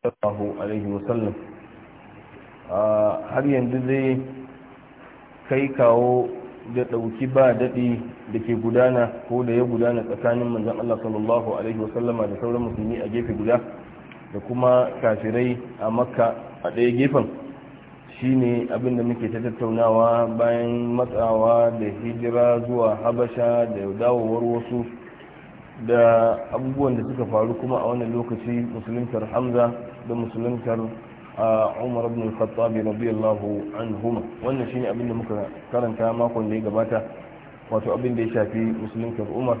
sallallahu alaihi wasallam har yanzu zai kai kawo da ɗauki ba daɗi da ke gudana ko da ya gudana tsakanin manzon Allah sallallahu alaihi sallama da sauran musulmi a gefe guda da kuma kafirai a makka a ɗaya gefen shine abin da muke ta tattaunawa bayan matsawa da hijira zuwa habasha da dawowar wasu da abubuwan da suka faru kuma a wannan lokaci musuluntar hamza da musuluntar umar ibn khattab radiyallahu anhuma wannan shine abin da muka karanta makon da ya gabata wato abin da ya shafi musuluntar umar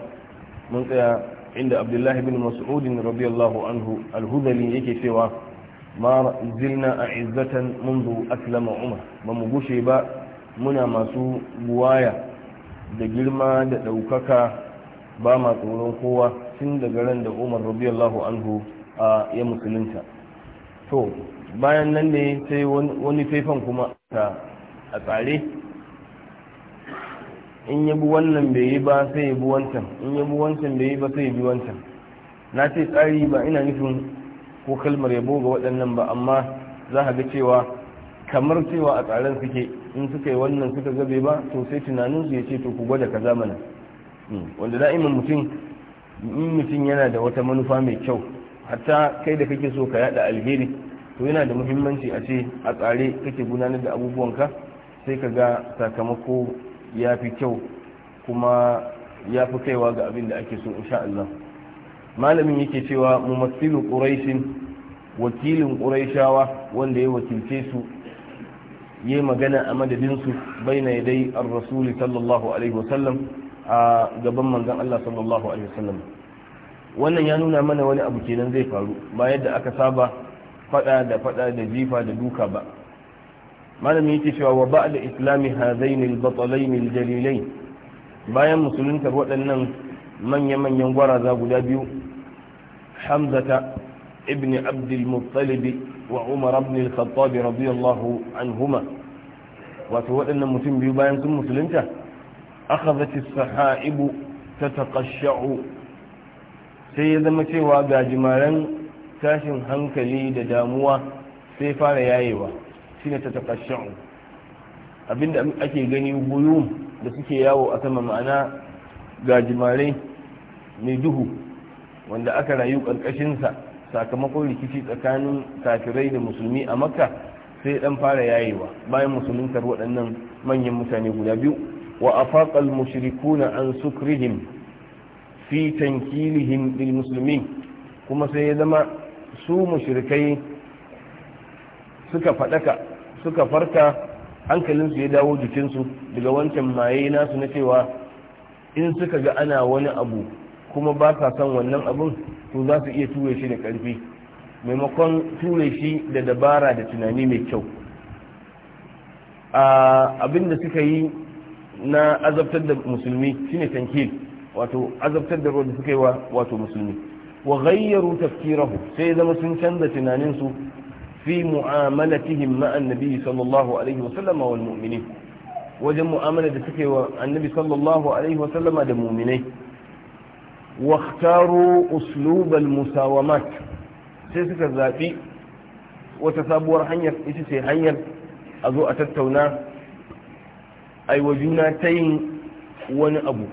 mun tsaya inda abdullah ibn mas'ud radiyallahu anhu al-hudali yake cewa ma zilna a'izzatan منذ aslama umar ba mu gushe ba muna masu buwaya da girma da ɗaukaka. ba ma tsoron kowa tun daga ran da umar rabiyallahu anhu a ya musulunta to bayan nan ne sai wani faifan kuma a tsare in yabi wannan bai yi ba sai yabi wancan in yabi wancan bai yi ba sai yabi wancan na ce tsari ba ina nufin ko kalmar yabo ga waɗannan ba amma za ka ga cewa kamar cewa a tsaren suke in suka yi wannan suka gabe ba to sai tunanin su ya ce to ku gwada ka zamana. wanda da'imin mutum in mutum yana da wata manufa mai kyau hatta kai da kake so ka yada alheri to yana da muhimmanci a ce a tsare kake gudanar da abubuwanka sai ka ga sakamako ya fi kyau kuma ya fi kaiwa ga abin da ake so insha Allah malamin yake cewa mumassilu quraishin wakilin quraishawa wanda ya wakilce su yayi magana a madadin su na dai ar-rasul sallallahu alaihi wasallam a gaban manzon Allah sallallahu alaihi wasallam wannan ya nuna mana wani abu kenan zai faru ba yadda aka saba fada da fada da jifa da duka ba malami yake cewa wa ba'da islami hadain al-batalain al bayan musuluntar waɗannan manya-manyan gwaraza guda biyu hamzata ibn abd al-muttalib wa umar ibn al-khattab radiyallahu anhuma wato waɗannan mutum biyu bayan sun musulunta akhadhat as-sahaibu tataqashshu sai ya zama cewa gajimaren tashin hankali da damuwa sai fara yayewa shine tataqashshu abinda ake gani guyum da suke yawo a sama ma'ana gajimare mai duhu wanda aka rayu ƙarƙashin sakamakon rikici tsakanin kafirai da musulmi a makka sai dan fara yayewa bayan musuluntar waɗannan manyan mutane guda biyu وأفاق المشركون عن سكرهم في تنكيلهم للمسلمين كما سيدما su مشركي suka faɗaka suka farka hankalinsu ya dawo jikinsu daga wancan maye nasu na cewa in suka ga ana wani abu kuma ba sa son wannan abun to za su iya ture shi da ƙarfi maimakon ture shi da dabara da tunani mai kyau abin da suka yi na azabtar da musulmi shine tankil wato azabtar da da suka yi wa wato musulmi wa ghayyaru tafkirahu sai zama sun canza tunanin su fi mu'amalatihim ma annabi sallallahu alaihi wa sallama wal mu'minin wajen mu'amala da suka wa annabi sallallahu alaihi wa sallama da mu'minai wa ikhtaru uslub musawamat sai suka zabi wata sabuwar hanyar ita ce hanyar a zo a tattauna aiwa juna ta yin wani abu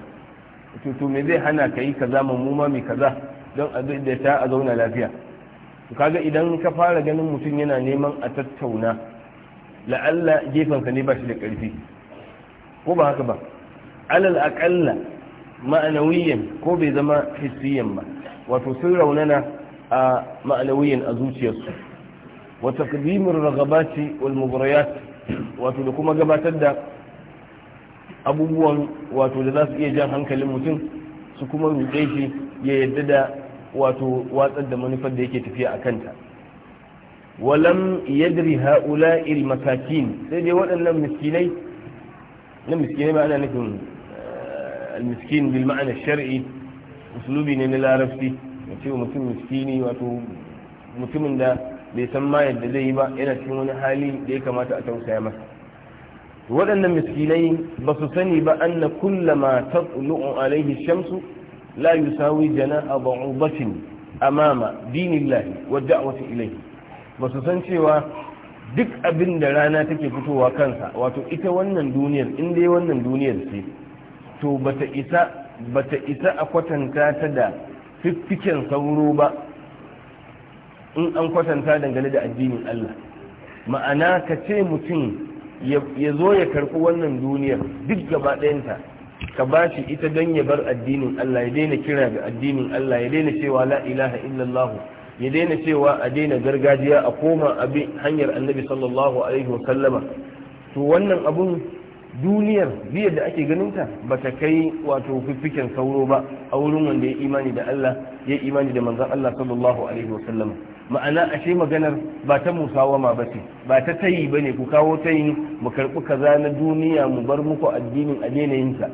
to me zai hana ka yi kaza mamuma mai kaza don a da ta a zauna lafiya kaga idan ka fara ganin mutum yana neman a tattauna la'alla gefensa ne ba shi da ƙarfi ko ba haka ba alal aƙalla ma'anawiyan ko bai zama hissiyan ba wato sun raunana a ma'anawiyan a zuciyarsu Wata taqdimur ragabati wal wato da kuma gabatar da abubuwan wato da za su iya jan hankalin mutum su kuma ruɗe shi ya yadda da wato watsar da manufar da yake tafiya a kanta walam yadri haula il matakin sai dai waɗannan miskinai na miskinai ba ana nufin eh, almiskin bil ma'ana shar'i uslubi ne na larabci ce mutum miskini wato mutumin da bai san ma yadda zai yi ba yana cikin wani hali da ya kamata a tausaya masa waɗannan miskinai ba su sani ba an na kullama ta tsunu'un alaihi shamsu la yusawi jana a ba'ubatin amama dinin lahi wadda a wasu ilaihi ba su san cewa duk abin da rana take fitowa kansa wato ita wannan duniyar inda yi wannan duniyar ce to bata isa isa a kwatanta ta da fiffiken sauro ba in an kwatanta dangane da addinin Allah ma'ana ka ce mutum ya zo ya karɓi wannan duniya duk gaba ɗayanta ka ba shi ita don ya bar addinin Allah ya daina kira ga addinin Allah ya daina cewa la ilaha illallah ya daina cewa a daina gargajiya a koma abin hanyar annabi sallallahu alaihi wa sallama to wannan abun duniyar biyar da ake ganinta ba ta kai wato fiffiken sauro ba a wurin wanda ya imani da Allah ya imani da manzon Allah sallallahu alaihi wa sallama ma'ana ashe maganar ba ta musawama ba ce ba ta tayi ba ne ku kawo tayi mu karɓi kaza na duniya mu bar muku addinin a yanayinsa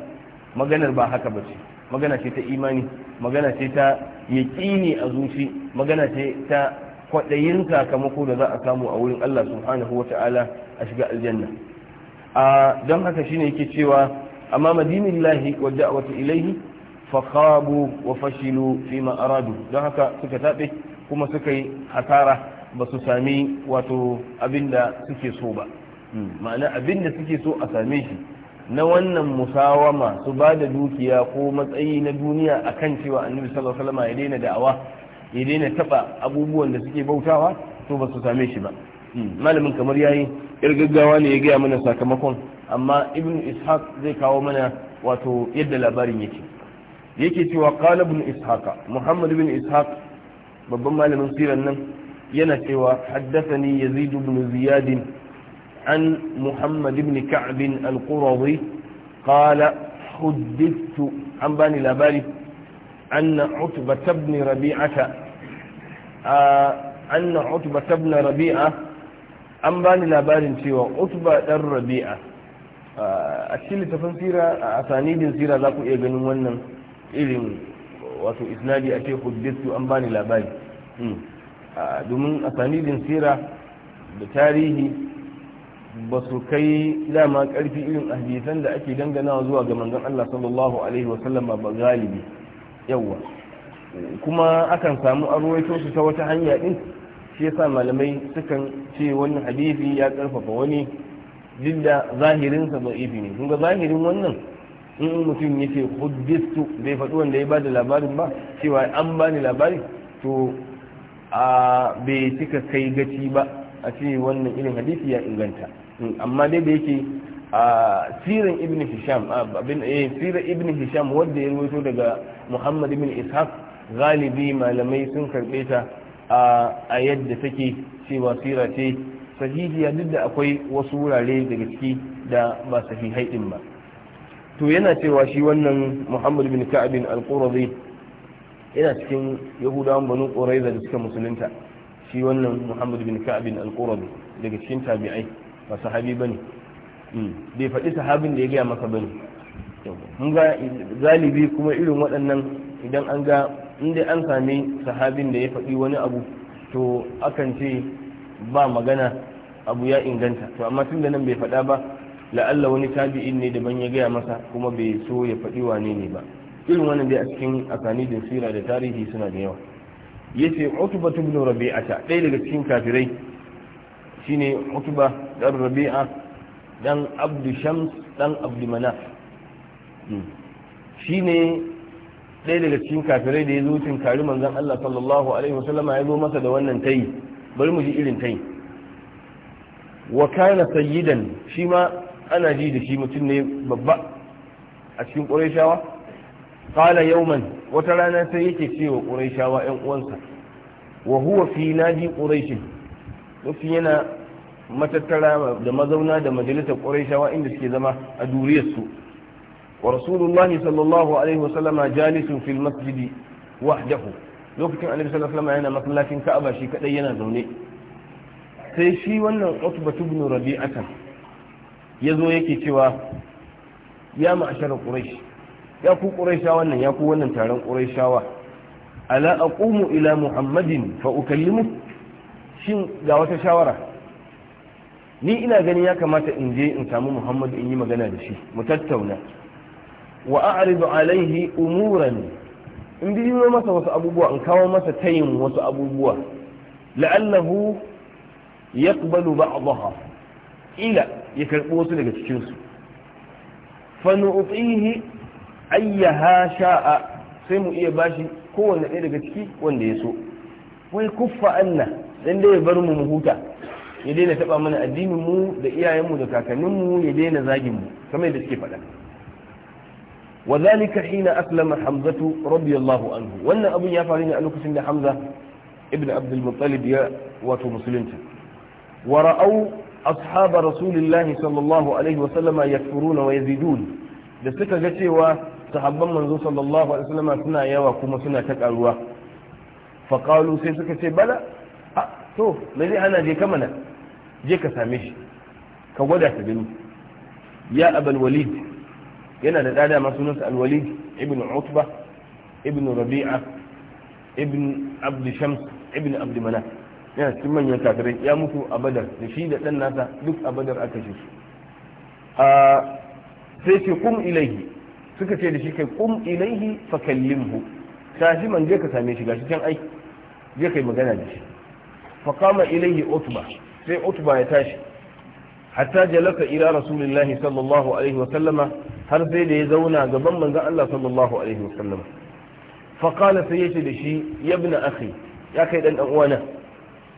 maganar ba haka ba ce magana ce ta imani magana ce ta yaƙini a zuci magana ce ta kwaɗayin sakamako da za a samu a wurin Allah subhanahu wa ta'ala a shiga aljanna a don haka shine yake cewa amma madinillahi wa da'watu ilayhi fa khabu wa fashilu fima aradu don haka suka tabe kuma suka yi hasara ba su sami wato abin da suke so ba hmm, ma'ana abin da suke so a same shi na wannan musawama su ba da dukiya ko matsayi na duniya a kan cewa annabi sallallahu alaihi wasallam ya daina da'awa ya daina taba abubuwan da suke bautawa to ba su same shi ba hmm, malamin kamar yayi yar gaggawa ne ya gaya mana sakamakon amma ibn ishaq zai kawo mana wato yadda labarin yake yake cewa qala ibn ishaq muhammad ibn ishaq babban malamin siran nan yana cewa haddathani yazid ibn ziyad an muhammad ibn ka'b al-quradi qala an bani labari anna utba ibn rabi'ata anna utba ibn rabi'a an bani labarin cewa utba dan rabi'a a cikin littafin sira a sanidin sira za ku iya ganin wannan irin wato isnadi a ce huddistu an bani labari hmm. domin a sanidin sira da tarihi ba su kai dama karfi irin hadisan da ake danganawa zuwa ga manzon Allah sallallahu alaihi wasallam ba galibi yawa kuma akan samu arwaito su ta wata hanya din shi yasa malamai sukan ce wani hadisi ya karfafa wani duk zahirinsa da'ifi ne kun ga zahirin wannan in mutum ya ce huddistu bai faɗi wanda ya ba da labarin ba cewa an ba ni labari to a bai cika kai gaci ba a ce wannan irin hadisi ya inganta mm, amma dai da yake a sirin ibn hisham abin eh ibn hisham wanda ya rawaito daga muhammad ibn ishaq galibi malamai sun karbe ta a yadda take cewa sira ce sahihiya duk da akwai wasu wurare daga ciki da ba sahihai din ba to yana cewa shi wannan muhammad bin ka'abin al-qurazi yana cikin yahudawan banu quraiza da suka musulunta shi wannan muhammad bin ka'abin al-qurazi daga cikin tabi'ai ba sahabi bane hmm, bai faɗi sahabin da ya gaya maka bane mun ga galibi kuma irin waɗannan idan an ga inda an sami sahabin da ya faɗi wani abu to akan ce ba magana abu ya inganta to amma tun da nan bai faɗa ba la'alla wani tabi'in ne da ban ya gaya masa kuma bai so ya faɗi wane ne ba irin wannan dai a cikin asanidin sira da tarihi suna da yawa yace utba ibn rabi'ata ɗaya daga cikin kafirai shine utba dan rabi'a dan abdu shams dan abdu manaf hmm. shine ɗaya daga cikin kafirai da ya zo cin tinkari manzon Allah sallallahu alaihi wasallama ya zo masa da wannan tayi bari mu ji irin tayi wa kana sayyidan shi ma ana ji da shi mutum ne babba a cikin ƙurayshawa qala yawman wata rana sai yake cewa ƙurayshawa 'yan uwansa wa huwa fi nadi quraish lokacin yana matattara da mazauna da majalisar ƙurayshawa inda suke zama a duriyarsu wa rasulullahi sallallahu alaihi wasallama jalisun fil masjidi wahdahu lokacin annabi sallallahu alaihi yana masallacin ka'aba shi kadai yana zaune sai shi wannan utba ibn rabi'atan ya zo yake cewa ya ma'asharar ƙuraish ya ku ƙuraishawa nan ya ku wannan taron ƙuraishawa ala aqumu ila muhammadin fa ukallimu shin ga wata shawara ni ina ganin ya kamata in je in samu muhammadu in yi magana da shi mu tattauna wa a'ridu alaihi umuran in biyo masa wasu abubuwa in kawo masa tayin wasu abubuwa la'allahu yaqbalu ba'daha ila ya karɓi wasu daga cikinsu fanu'utihi ayyaha sha'a sai mu iya bashi kowanne ɗaya daga ciki wanda ya so wai kuffa anna dan da ya bar mu mu huta ya daina taɓa mana addinin mu da iyayen mu da kakannin mu ya daina zagin mu kamar yadda suke faɗa wa zalika hina aslama hamzatu radiyallahu anhu wannan abun ya faru ne a lokacin da hamza ibn abdul muttalib wato ashab rasulillahi sallallahu alaihi wa wasallama yakfuruna wa yazidun da suka ga cewa sahabban manzo sallallahu alaihi wa wasallama suna yawa kuma suna ta karuwa fa qalu sai suka ce bala to me zai hana je ka mana je ka same shi ka gwada ka gani ya abal walid yana da dada ma sunansa al walid ibn utba ibn rabi'a ibn abd shams ibn abd manaf yana cikin manyan kafirai ya mutu a badar da shi da ɗan nasa duk a badar aka shi su sai ce kum ilaihi suka ce da shi kai kum ilaihi fa kallimhu tashi man je ka same shi gashi can ai je kai magana da shi fa qama ilaihi utba sai utba ya tashi hatta jalaka ila rasulillahi sallallahu alaihi wa sallama har sai da ya zauna gaban manzon Allah sallallahu alaihi wa sallama fa qala sai yace da shi yabna akhi ya kai dan dan uwana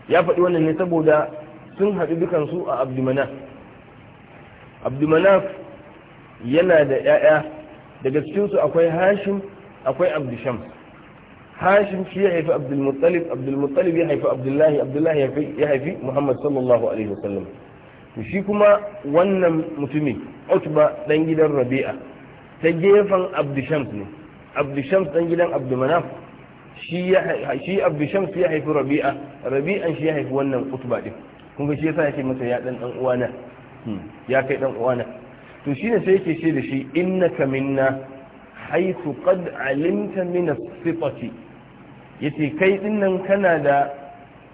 ya faɗi wannan ne saboda sun haɗu dukansu a abdumanaf abdumanaf yana da 'ya'ya daga cikinsu akwai hashim akwai abdusham hashim shi ya haifi abdulmuttalib abdulmuttalib ya haifi abdullahi abdullahi ya haifi muhammad sallallahu alaihi wasallam shi kuma wannan mutumi utba dan gidan rabi'a ta gefen abdushams ne abdushams dan gidan abdumanaf shi abdu shams ya haifi rabi'a rabi'an shi ya haifi wannan utba din kun ga shi yasa yake masa ya dan dan uwana hmm, ya kai dan uwana to shine sai yake ce da shi innaka minna haythu qad alimta min as-sifati yace kai dinnan kana da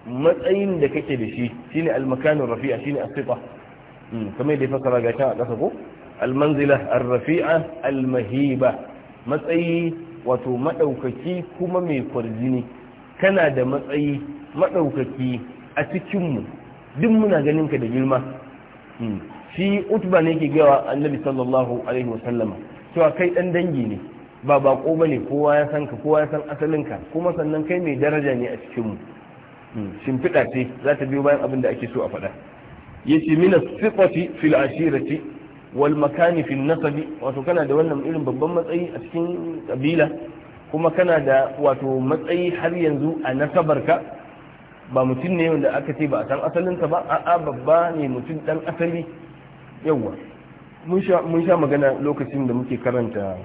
matsayin da kake da shi shine al-makanu rafi'a shine as-sifa hmm, kamar da fasara ga ta a ƙasa ko al-manzila ar-rafi'a al-mahiba matsayi wato maɗaukaki kuma mai kwarjini kana da matsayi maɗaukaki a cikinmu duk muna ganin ka da girma hmm. shi utba ne ke gawa annabi sallallahu alaihi wasallama cewa kai ɗan dangi ne ba bako ba ne kowa ya san ka kowa ya san asalinka kuma sannan kai mai daraja ne a cikinmu hmm. shimfiɗa ce za ta biyo bayan abin da ake so a faɗa yace mina sifati fil ashirati wal makani fil wato kana da wannan irin babban matsayi a cikin kabila kuma kana da wato matsayi har yanzu a nasabarka ba mutum ne wanda aka ce ba a san asalinsa ba a'a babba ne mutum dan asali yawa mun sha magana lokacin da muke karanta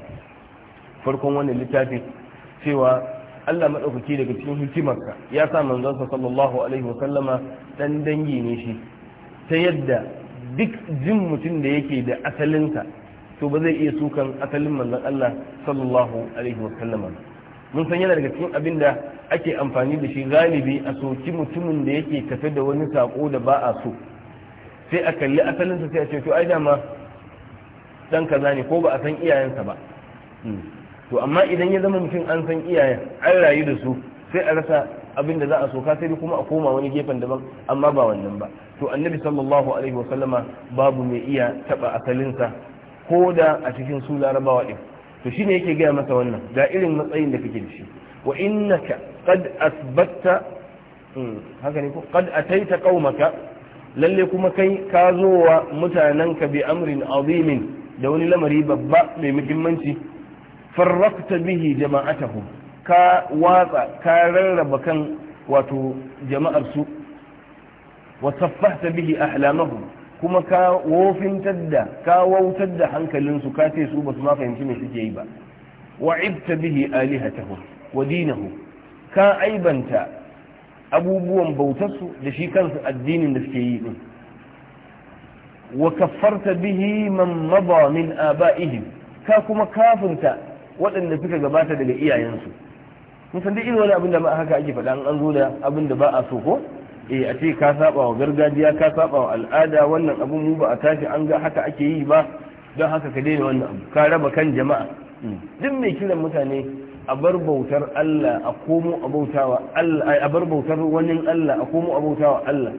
farkon wannan littafin cewa Allah madaukaki daga cikin hikimarka ya sa manzansa sallallahu alaihi wa sallama dan dangi ne shi ta yadda duk jin mutum da yake da asalinsa to ba zai iya sukan asalin manzon Allah sallallahu alaihi wasallam mun san yana daga cikin abin da ake amfani da shi galibi a soki mutumin da yake tafe da wani sako da ba a so sai a kalli asalinsa sai a ce to ai dama dan kaza ne ko ba a san iyayensa ba hmm. to amma idan ya zama mutum an san iyayen an rayu da su sai a rasa abin da za a soka sai kuma a koma wani gefen daban amma ba wannan ba to annabi sallallahu alaihi wasallama babu mai iya taba asalinsa ko da a cikin su larabawa din to shine yake gaya masa wannan ga irin matsayin da kake da shi wa innaka qad asbatta hmm, haka ne ko qad ataita qaumaka lalle kuma kai ka zo wa mutanenka bi amrin azimin da wani lamari babba mai muhimmanci farrakta bihi jama'atahum ka watsa ka rarraba kan wato jama'ar su wa saffahta bihi ahlamahum kuma ka wofintar da ka wautar hankalinsu ka ce su ba su ma fahimci mai suke yi ba wa ibta bihi alihatahu wa dinahu ka aibanta abubuwan bautarsu da shi kansu addinin da suke yi din wa kaffarta bihi man min aba'ihim ka kuma kafinta waɗanda suka gabata daga iyayensu mun san duk irin wani abin da ba haka ake faɗa an zo da abin da ba a so ko eh a ce ka saba wa gargajiya ka saba wa al'ada wannan abun mu ba a tashi an ga haka ake yi ba don haka ka daina wannan abu ka raba kan jama'a duk mai kiran mutane a bar bautar Allah a komo a bautawa Allah a bar bautar wani Allah a komo a bautawa Allah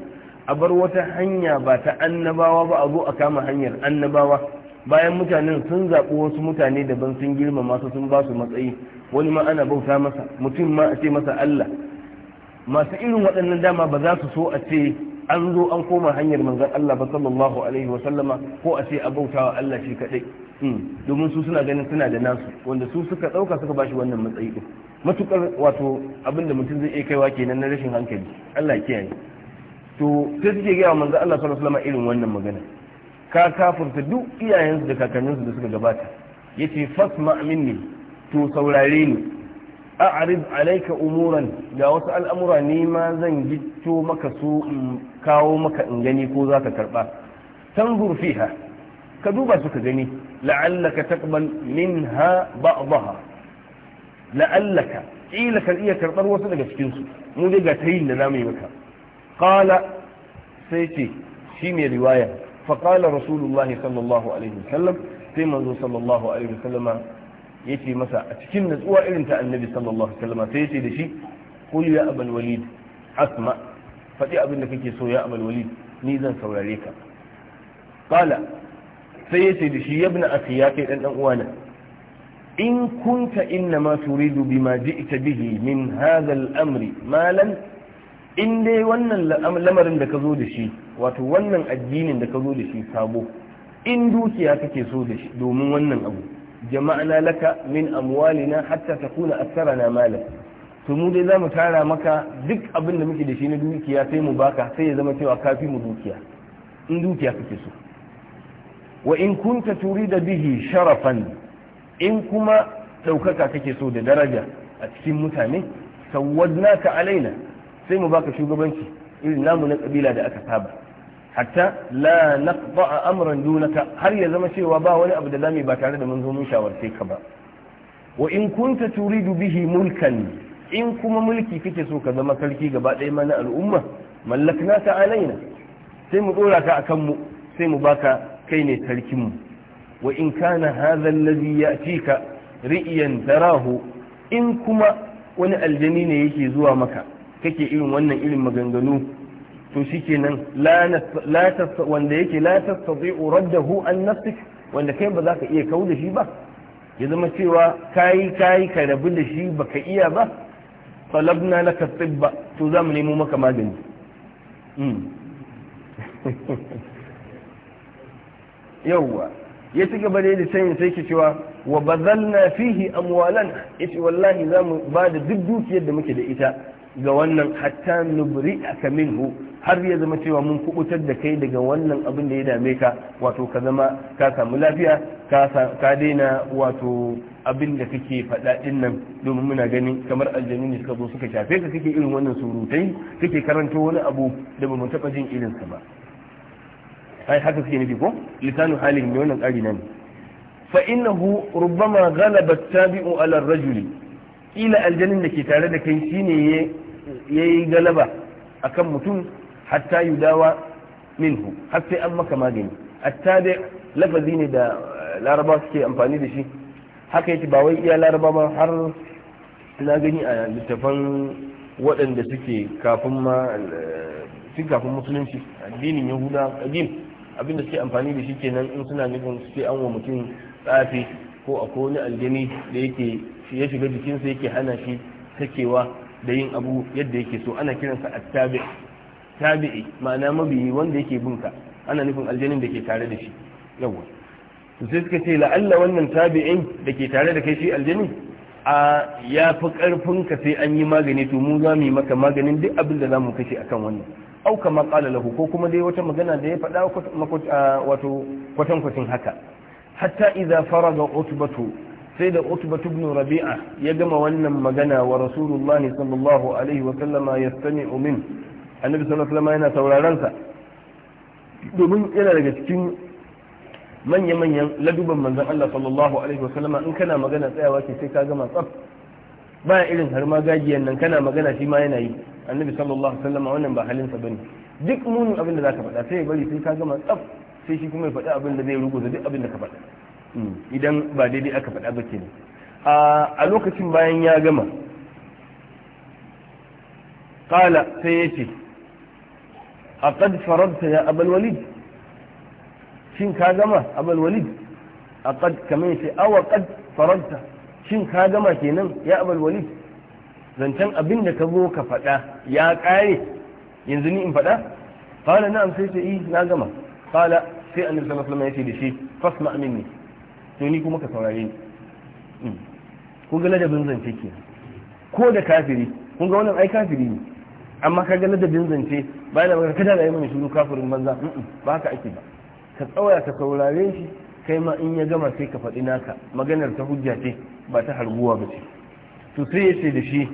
a bar wata hanya ba ta annabawa ba a zo a kama hanyar annabawa bayan mutanen sun zaɓi wasu mutane daban sun girmama su sun ba su matsayi wani ma ana bauta masa mutum ma a ce masa Allah masu irin waɗannan dama ba za su so a ce an zo an koma hanyar manzan Allah ba sallallahu alaihi wa sallama ko a ce a bautawa Allah shi kaɗai hmm. domin su suna ganin suna da nasu wanda su suka ɗauka suka bashi wannan matsayi ɗin matukar wato abin mutum zai iya kaiwa kenan na rashin hankali Allah kiyaye to sai suke gaya manzan Allah sallallahu alaihi wa sallama irin wannan magana ka kafurta duk iyayensu da kakanninsu da suka gabata ya yace fasma ne to saurare ni a'rid alayka umuran ga wasu al'amura ni ma zan gicco maka su in kawo maka in gani ko zaka karba tanzur fiha ka duba su ka gani la'allaka taqbal minha ba'daha la'allaka kila ka iya karbar wasu daga cikin su mu dai ga tayin da zamu yi maka qala sai ce shi ne riwaya fa qala rasulullahi sallallahu alaihi wasallam sai manzo sallallahu alaihi wasallama yace masa a cikin natsuwa irin ta annabi sallallahu alaihi wasallam sai ce da shi qul ya abul walid asma faɗi abin da kake so ya abul walid ni zan saurare ka qala sai yace da shi yabna akhi ya kai dan dan uwana in kunta inna ma turidu bima ji'ta bihi min hadha al-amri malan in dai wannan lamarin da ka zo da shi wato wannan addinin da ka zo da shi sabo in dukiya kake so da shi domin wannan abu jama'ana laka min amwalina hatta takuna aktharana malam to mu dai zamu tara maka duk abin da muke da shi na dukiya sai mu baka sai ya zama cewa kafi mu dukiya in dukiya kake so wa in kunta turida bihi sharafan in kuma daukaka kake so da daraja a cikin mutane ka alaina sai mu baka shugabanci irin namu na kabila da aka saba hatta la naqba amran dunaka har ya zama cewa ba wani abu da zamu ba tare da mun zo mun shawarce ka ba wa in kunta turidu bihi mulkan in kuma mulki kake so ka zama sarki gaba ɗaya mana al'umma mallakna ta alaina sai mu dora ka akan mu sai mu baka kai ne sarkin mu wa in kana hadha alladhi ya'tika ri'yan tarahu in kuma wani aljani ne yake zuwa maka kake irin wannan irin maganganu to shi kenan wanda yake la tastati'u raddahu an nafsik wanda kai ba za ka iya kau da shi ba ya zama cewa kayi kayi ka rabu da shi baka iya ba talabna laka tibba to za mu nemo maka magani hmm. yawwa ya ci gaba da yadda sai ke cewa wa bazalna fihi amwalan yace wallahi za mu ba da duk dukiyar da muke da ita ga wannan hatta nubri aka minhu har ya zama cewa mun kubutar da kai daga wannan abin da ya dame ka wato ka zama ka samu lafiya ka daina wato abin da kake faɗa din nan domin muna ganin kamar aljanu ne suka zo suka shafe ka kake irin wannan surutai kake karanto wani abu da ba mu taɓa jin irinsa ba ai haka suke nufi ko lisanu halin ne wannan ƙari na ne fa innahu rubbama ghalaba tabi'u ala rajuli ila aljanin da ke tare da kai shine yayi galaba kan mutum hatta yudawa minhu har sai an maka magani attabi lafazi ne da laraba suke amfani da shi haka yake ba wai iya laraba har na gani a littafan waɗanda suke kafin musulunci addinin abin abinda suke amfani da shi kenan in suna nufin sai an wa mutum tsafi ko akwai wani aljani da yake ya shiga jikinsa yake hana shi sakewa da yin abu yadda yake so ana kiransa attabi tabi'i ma'ana mabiyi wanda yake binka ana nufin aljanin da ke tare da shi yawa to sai suka ce la'alla wannan tabi'in da ke tare da kai shi aljini a ya fi karfin ka sai an yi magani to mu za mu yi maka maganin duk abin da za mu kashe akan wannan auka ma kala lahu ko kuma dai wata magana da ya faɗa wato kwatankwacin haka hatta fara ga utbatu sai da utbatu ibn rabi'a ya gama wannan magana wa rasulullahi sallallahu alaihi wa sallama yastami'u min annabi sallallahu alaihi wa sallama yana sauraron sa domin yana daga cikin manya-manyan laduban manzan Allah sallallahu alaihi wasallama in kana magana tsayawa ke sai ka gama tsaf ba irin har magajiyan nan kana magana shi ma yana yi annabi sallallahu alaihi wasallama wannan ba halinsa bane duk munin abin da zaka faɗa sai ya bari sai ka gama tsaf sai shi kuma ya faɗi abin da zai ruguza duk abin da ka faɗa hmm. idan ba daidai aka faɗa ba kenan a lokacin bayan ya gama ƙala sai ya ce ƙad farauta ya abal walid shin ka gama abal walid ƙad kamar ce awa ƙad farauta shin ka gama kenan ya abal walid zancen abin da ka zo ka faɗa ya ƙare yanzu ni in faɗa na amsa ya ce eh, na gama ƙala. sai annabi sallallahu alaihi wasallam ya ce da shi fasma minni to ni kuma ka saurare ni hmm. kun ga ladabin zance ke ko da kafiri kun ga wannan ai kafiri ne amma ka ga ladabin zance ba da ka kada da yayin shiru kafirin banza ba haka ake ba ka tsawaya ka saurare shi kai ma in ya gama sai ka faɗi naka maganar ta hujja ce ba ta harguwa ba ce to sai ya ce da shi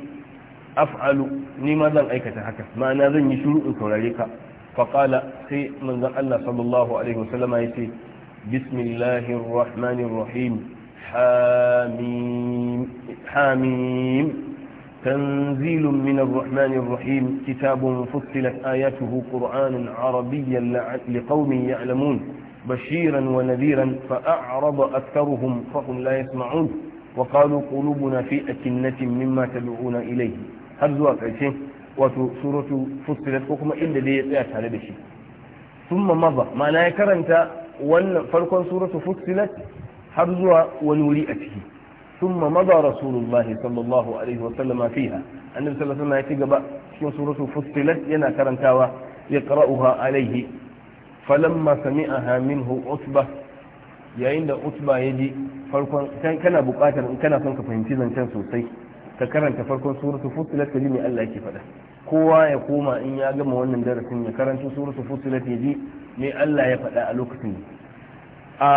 af'alu ni ma zan aikata haka ma'ana zan yi shiru in saurare ka فقال في من ذا الله صلى الله عليه وسلم يتي بسم الله الرحمن الرحيم حاميم حاميم تنزيل من الرحمن الرحيم كتاب فصلت آياته قرآن عربيا لقوم يعلمون بشيرا ونذيرا فأعرض أكثرهم فهم لا يسمعون وقالوا قلوبنا في أكنة مما تدعون إليه هل زواك عيشه wato suratu fussilat ko kuma inda dai ya tsaya tare da shi thumma madha ma'ana ya karanta wannan farkon suratu fussilat har zuwa wani wuri a ciki thumma madha rasulullahi sallallahu alaihi wa sallama fiha annabi sallallahu alaihi sallama ya ci gaba cikin suratu fusilat yana karantawa ya yaqra'uha alaihi falamma sami'aha minhu utba yayin da utba ya ji farkon kana buƙatar in kana son ka fahimci zancen sosai ka karanta farkon suratu fusilat ka ji me Allah yake faɗa kowa ya koma in ya gama wannan darasin ya karanta suratu fusilat ya ji me Allah ya faɗa a lokacin a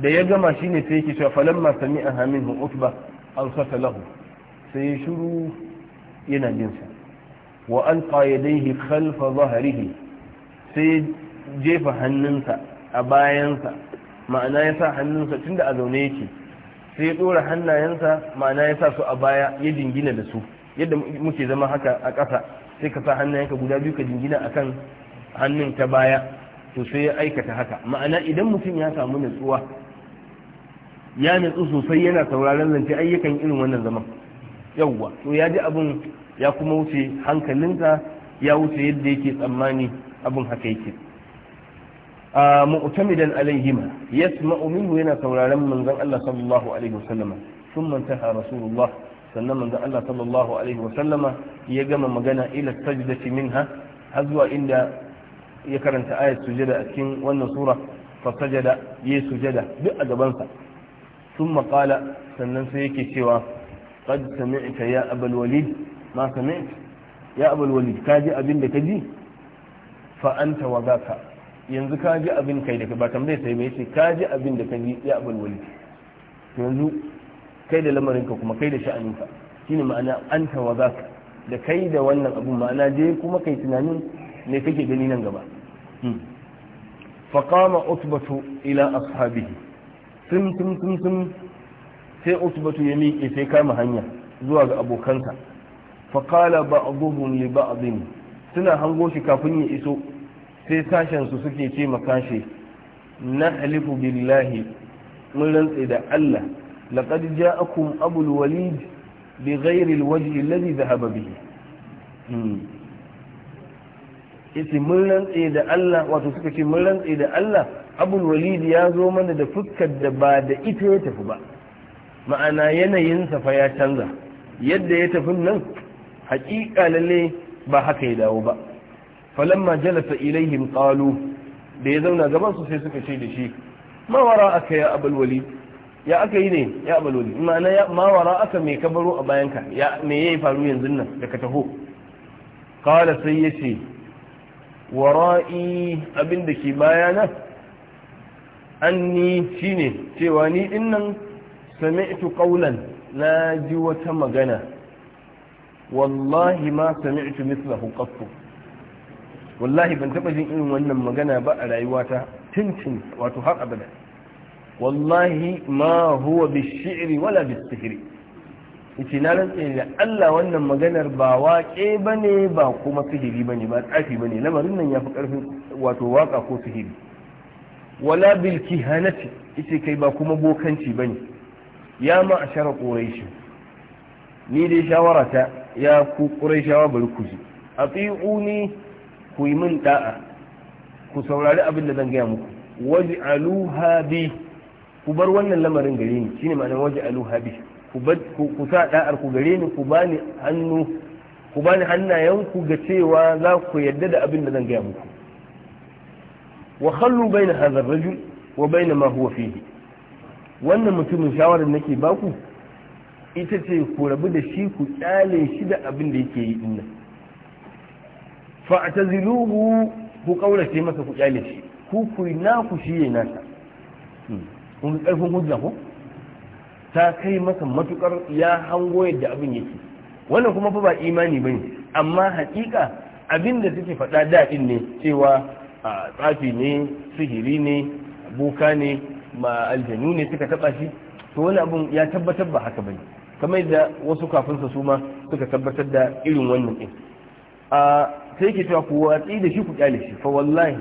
da ya gama shine sai yake cewa falamma hamin minhu utba an sata lahu sai shiru yana jin sa wa alqa yadayhi khalfa dhahrihi sai jefa hannunsa a bayansa ma'ana ya sa hannunsa tunda a zaune yake sai ya dora hannayensa ma'ana ya sa su a baya ya jingina da su yadda muke zama haka a ƙasa sai ka sa hannayenka guda biyu ka jingina kan hannun ta baya to sai ya aikata haka ma'ana idan mutum ya samu natsuwa ya natsu sosai yana sauraron zance ayyukan irin wannan zaman yawwa to ya ji abin ya kuma wuce hankalinka ya wuce yadda yake tsammani abin haka yake mu'tamidan alaihima yasma'u minhu yana sauraron manzon Allah sallallahu alaihi wasallam thumma intaha rasulullah sannan manzon Allah sallallahu alaihi wasallama ya gama magana ila sajdati minha har zuwa inda ya karanta ayat sujada a cikin wannan sura fa sajada yi sujada duk a gabansa thumma qala sannan sai yake cewa qad sami'ta ya abul walid ma sami'ta ya abul walid kaji abin da kaji fa anta wa yanzu ka ji abin kai da ba tambaye sai mai ce ka ji abin da ka ji ya abul wali yanzu kai da lamarin ka kuma kai da sha'anin ka shine ma'ana anta wa zaka da kai da wannan abun ma'ana je kuma kai tunanin me kake gani nan gaba hmm. fa qama utbatu ila ashabihi tum tum tum tum sai utbatu ya miƙe sai kama hanya zuwa ga abokansa fa qala ba'dhum li ba'dhin suna hango shi kafin ya iso sai sashensu suke ce makashe na alifu billahi mun rantse da Allah laqad ja'akum abul walid bighayri ghairi alwajhi alladhi dhahaba bihi hmm. yace mun rantse da Allah wato suka ce mun rantse da Allah abul walid ya zo mana da fuskar da ba da ita ya tafi ba ma'ana yanayin sa fa ya canza yadda ya tafi nan haƙiƙa lalle ba haka ya dawo ba falamma jalasa ilaihim qalu da ya zauna gaban su sai suka ce da shi ma wara aka ya abul wali ya aka yi ne ya abul wali ma'ana ma wara aka me ka baro a bayanka ya me yayi faru yanzu nan da ka taho qala sai yace wara'i abinda ke bayana anni shine cewa ni dinnan sami'tu qawlan na ji wata magana wallahi ma sami'tu mithlahu qattu wallahi ban taba jin irin wannan magana ba a rayuwata tuntun wato har abada wallahi ma huwa bishiri wala bisihiri yace na rantse da Allah wannan maganar ba waƙe bane ba kuma sihiri bane ba tsafi bane lamarin nan yafi karfin wato waka ko sihiri wala bil kihanati yace kai ba kuma bokanci bane ya ma ashara quraish ni dai shawara ta ya ku quraishawa bari ku ji ati'uni ku yi min da'a ku saurari abin da zan gaya muku waje aluha bi ku bar wannan lamarin gare ni shine ma'anar waje aluha bi ku sa da'ar ku gare ni ku bani hannu ku bani hannayen ku ga cewa za ku yarda da abin da zan gaya muku wa khallu baina hadha ar-rajul wa bayna ma huwa fihi wannan mutumin shawarar nake baku ita ce ku rabu da shi ku kyale shi da abin da yake yi dinnan fa'taziluhu ku kaurace masa ku kyale shi ku ku na ku shi nasa hmm. kun karfin hujja ko ta kai masa matukar ya hango yadda abin yake wannan kuma fa ba imani bane amma haƙiƙa abin da suke faɗa daɗin ne cewa tsafi ne sihiri ne boka ne ma aljanu ne suka taɓa shi to wani abun ya tabbatar ba haka bane kamar da wasu kafin su ma suka tabbatar da irin wannan din a sai ke cewa ku watsi da shi ku kyale shi fa wallahi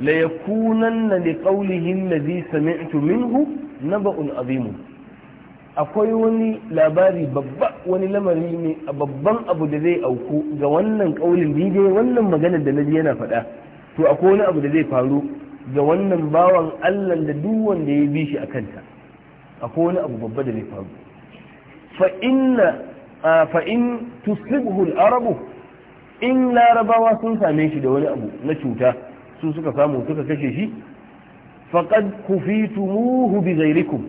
la yakunanna li qawlihi alladhi sami'tu minhu naba'un azim akwai wani labari babba wani lamari ne a babban abu da zai auku ga wannan kaulin dai wannan maganar da naji yana faɗa to akwai wani abu da zai faru ga wannan bawan Allah da duk wanda ya bi shi akan ta akwai wani abu babba da zai faru fa inna fa in tusibhu al-arabu in larabawa sun same shi da wani abu na cuta su suka samu suka kashe shi faqad kufitumuhu bi ghairikum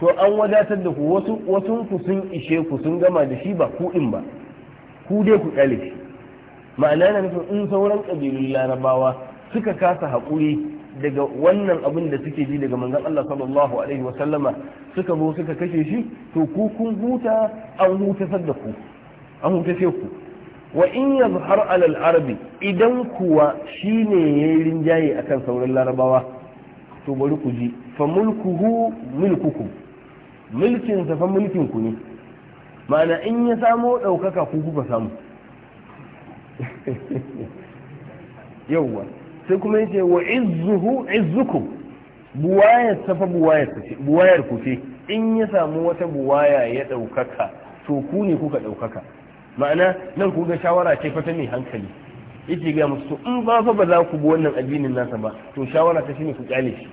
to an wadatar da ku wasu wasu ku sun ishe ku sun gama da shi ba ku in ba ku dai ku kyale shi ma'ana na nufin in sauran kabilun larabawa suka kasa haƙuri daga wannan abin da suke ji daga manzon Allah sallallahu alaihi wa sallama suka zo suka kashe shi to ku kun huta an hutasar da ku an ku wa in yazhar alal arabi idan kuwa shine yi rinjaye akan sauran larabawa to bari ku ji fa mulkuhu milkukum mulkin sa fa mulkin ku ne ma'ana in ya samo ɗaukaka ku kuka samu yawwa sai kuma yace wa izzuhu izzukum buwayar sa fa buwayar ku ce in ya samu wata buwaya ya ɗaukaka to ku ne kuka ɗaukaka ma'ana nan ku ga shawara ce fata mai hankali yake ga musu in ba fa ba za ku bi wannan addinin nasa ba to shawara ta shine ku kyale shi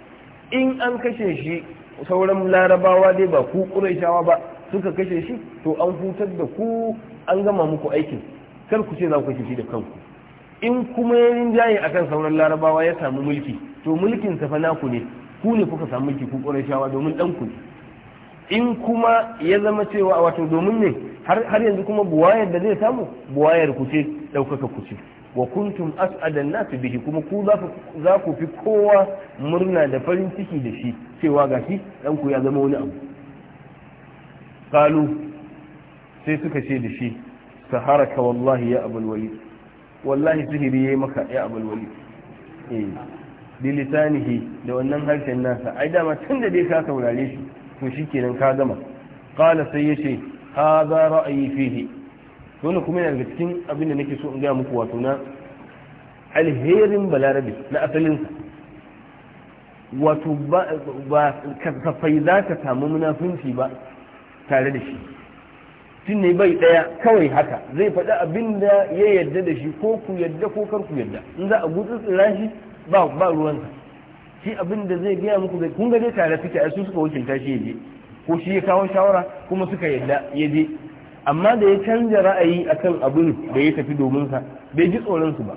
in an kashe shi sauran larabawa dai ba ku quraishawa ba suka kashe shi to an hutar da ku an gama muku aikin kar ku ce za ku kashe shi da kanku in kuma ya rinjaye akan sauran larabawa ya samu mulki to mulkin sa fa naku ne ku ne kuka samu mulki ku quraishawa domin dan ku ne in kuma ya zama cewa wato domin ne har yanzu kuma buwayar da zai samu buwayar ku ce ɗaukaka ku ce wa kuntum as'adan nasu bihi kuma ku za ku fi kowa murna da farin ciki da shi cewa gashi dan ku ya zama wani abu kalu sai suka ce da shi saharaka wallahi ya abul wallahi sihiri yi maka ya abul walid eh lisanihi da wannan harshen nasa ai dama tun da dai ka saurare shi to kenan ka gama kala sai yace hadha ra'ayi fihi dole kuma yana daga cikin abin da nake so in gaya muku wato na alherin balarabi na asalin sa wato ba kasafai za ka samu munafunci ba tare da shi tun ne bai daya kawai haka zai faɗi abin da ya yarda da shi ko ku yarda ko kar ku yadda in za a gutsu tsira shi ba ruwansa shi abin da zai gaya muku da kun gaje tare suke ai su suka wuce ta shi je ko shi ya kawo shawara kuma suka yadda ya je amma da ya canza ra'ayi akan abin da ya tafi domin sa bai ji tsoron su ba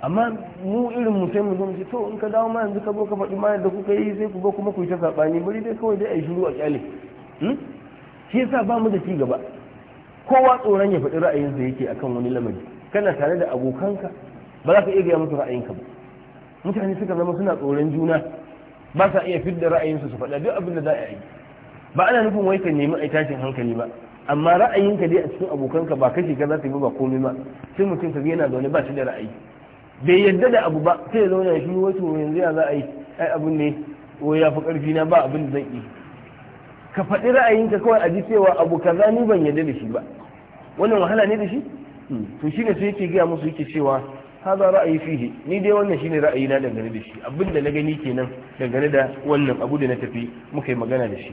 amma mu irin mu sai mu zo mu to in ka dawo ma yanzu ka zo ka faɗi ma yadda kuka yi sai ku zo kuma ku yi ta sabani bari dai kawai dai a yi shiru a kyale hmm? shi yasa ba mu da ci gaba kowa tsoron ya faɗi ra'ayinsa yake akan wani lamari kana tare da abokanka ba za ka iya gaya musu ra'ayinka ba mutane suka zama suna tsoron juna ba sa iya fidda ra'ayinsu su faɗa duk abin da za a yi ba ana nufin wai ka nemi ai tashin hankali ba amma ra'ayinka dai a cikin abokanka ba kashi ka za su yi ba komai ba sai mutum ka yana zaune ba shi da ra'ayi bai yadda da abu ba sai ya zauna shi wato yanzu ya za a yi ai abin ne ko ya fi ƙarfi na ba abin da zan yi ka faɗi ra'ayinka kawai a ji cewa abu kaza ni ban yarda da shi ba wannan wahala ne da shi hmm. to shiga sai yake gaya musu yake cewa haza ra'ayi fihi ni dai wannan shine ra'ayi na dangane da shi abinda na gani kenan dangane da wannan abu da na tafi muka yi magana da shi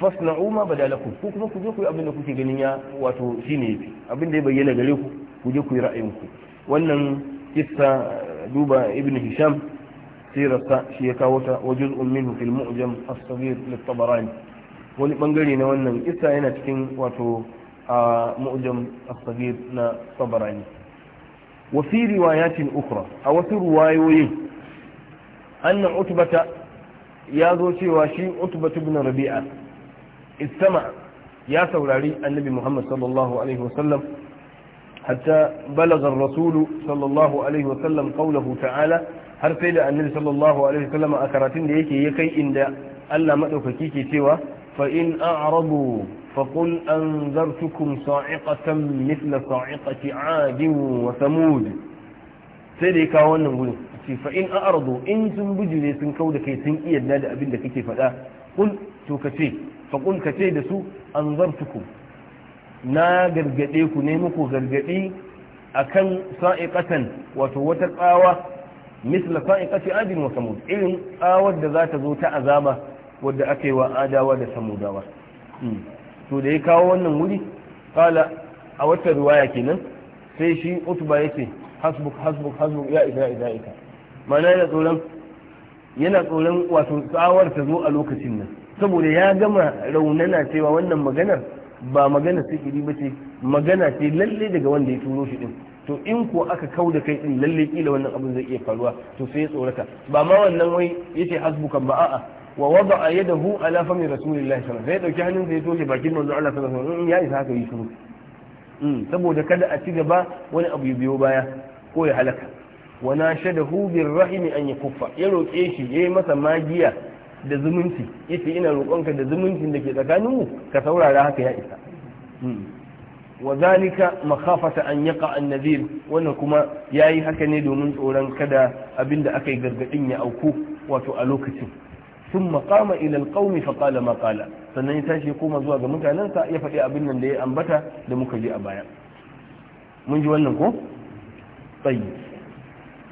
fasna'u ma badalakum ko kuma ku je ku yi abin da kuke ganin ya wato shine yafi abin da ya bayyana gare ku ku je ku yi ra'ayin ku wannan kissa duba ibn hisham sirarsa shi ya kawo ta wa juz'un minhu fil mu'jam as-saghir lit-tabarani wani bangare na wannan kissa yana cikin wato a mu'jam as-saghir na tabarani wa fi ukura a wasu ruwayoyin anna utbata ya zo cewa shi utbatu ibn rabi'a istama ya saurari annabi muhammad sallallahu hatta balaga rasulu sallallahu alaihi wasallam qawluhu ta'ala har sai da annabi sallallahu a karatun da yake ya kai inda Allah madaukaki ke cewa fa a a'radu فقل أنذرتكم صاعقة مثل صاعقة عاد وثمود سيديكا ونقول فإن أعرضوا إن سنبجلي سنكودك سنئي النادى أبن لكي فلا قل توكتي فقل كتي أنذرتكم na gargaɗe ku ne muku gargaɗi a kan sa'iƙatan wato wata tsawa misla sa'iƙati adin wa samud irin tsawar da za ta zo ta azaba wadda aka yi wa adawa da samudawa to da ya kawo wannan wuri kala a wata ruwaya kenan sai shi utba ya ce hasbuk hasbuk hasbuk ya isa isa isa mana yana tsoron yana tsoron wato tsawar ta zo a lokacin nan saboda ya gama raunana cewa wannan maganar ba magana sikiri ba ce magana ce lalle daga wanda ya turo shi din to in ko aka kau da kai din lalle kila wannan abin zai iya faruwa to sai ya tsorata ba ma wannan wai yace hasbukan ba a'a wa wada a hu ala fami rasulillahi sallallahu alaihi dauki hannun sai toshe bakin manzo Allah sallallahu alaihi wasallam ya isa haka yi shiru hmm, saboda kada a ci gaba wani abu biyo baya ko ya halaka wa nashadahu bir rahimi an kuffa ya roke shi yayi masa magiya da zumunci yace ina roƙonka da zumuncin da ke mu ka saurara haka ya isa hmm. wa zalika makhafata an yaqa an-nadhir wanda kuma yayi haka ne domin tsoron kada abinda aka yi gargadin ya auku wato a lokacin sun maƙama ilal ƙaumi faƙala maƙala sannan ya tashi ya koma zuwa ga mutanensa ya faɗi abin nan da ya ambata da muka ji a baya mun ji wannan ko tsayi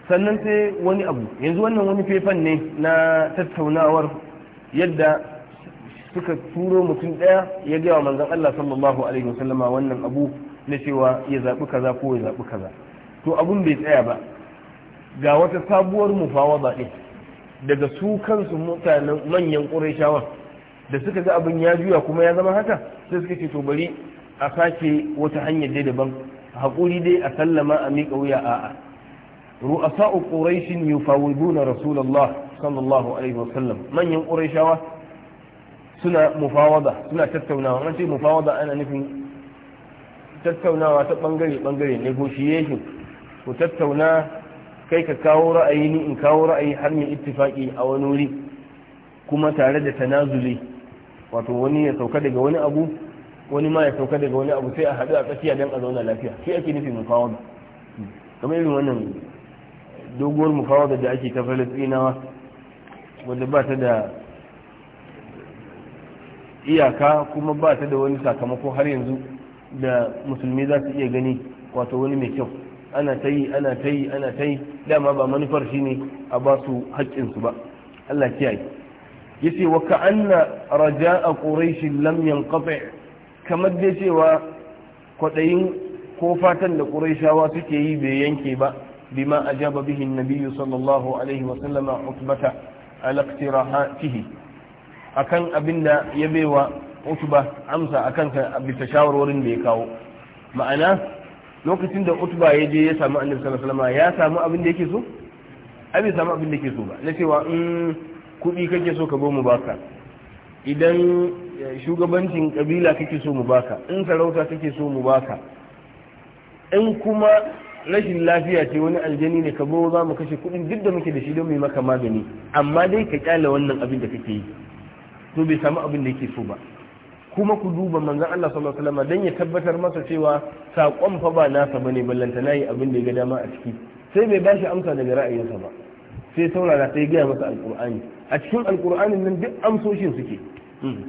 sannan sai wani abu yanzu wannan wani fefan ne na tattaunawar yadda suka turo mutum ɗaya ya gaya wa manzon Allah sallallahu alaihi wasallama wannan abu na cewa ya zaɓi kaza ko ya zaɓi kaza to abun bai tsaya ba ga wata sabuwar mufawaza ɗin daga su kansu mutanen manyan ƙurayshawa da suka ga abin ya juya kuma ya zama haka sai suka ce to bari a sake wata hanyar dai daban haƙuri dai a sallama a miƙa wuya a'a ru'asa'u quraishin yufawiduna rasulullah sallallahu alaihi wa sallam manyan quraishawa suna mufawada suna tattaunawa an ce mufawada ana nufin tattaunawa ta bangare bangare negotiation ku tattauna kai ka kawo ra'ayi ni in kawo ra'ayi har mai ittifaki a wani wuri kuma tare da tanazuli wato wani ya sauka daga wani abu wani ma ya sauka daga wani abu sai a haɗu a tsakiya don a zauna lafiya sai ake nufin mufawada kamar irin wannan doguwar mufawada da ake ta falastinawa wadda ba ta da iyaka kuma ba ta da wani sakamako har yanzu da musulmi za su iya gani wato wani mai kyau ana ta yi ana ta yi ana ta yi dama ba manufar ne a ba su haƙƙinsu ba Allah kiyaye yace wa raja raja'a quraish lam yanqati kamar dai cewa kwadayin ko fatan da quraishawa suke yi bai yanke ba bima ajaba bihi nabiyyu sallallahu alaihi wa sallama utbata ala iqtirahatihi akan abinda ya baiwa utba amsa akan bisa shawarwarin da ya kawo ma'ana lokacin da utba ya je ya samu annabi sallallahu alaihi ya samu abin da yake so abi samu abin da yake so ba na cewa in kuɗi kake so ka mu baka idan shugabancin kabila kake so mu baka in sarauta kake so mu baka in kuma rashin lafiya ce wani aljani ne ka zo za kashe kudin duk da muke da shi don mu maka magani amma dai ka kyale wannan abin da kake yi to bai samu abin da yake so ba kuma ku duba manzon Allah sallallahu alaihi wasallam dan ya tabbatar masa cewa saƙon fa ba nasa bane ballanta nayi abin da ya ga dama a ciki sai bai bashi amsa daga ra'ayinsa ba sai saurara sai gaya masa alkur'ani a cikin alkur'anin nan duk amsoshin suke hmm.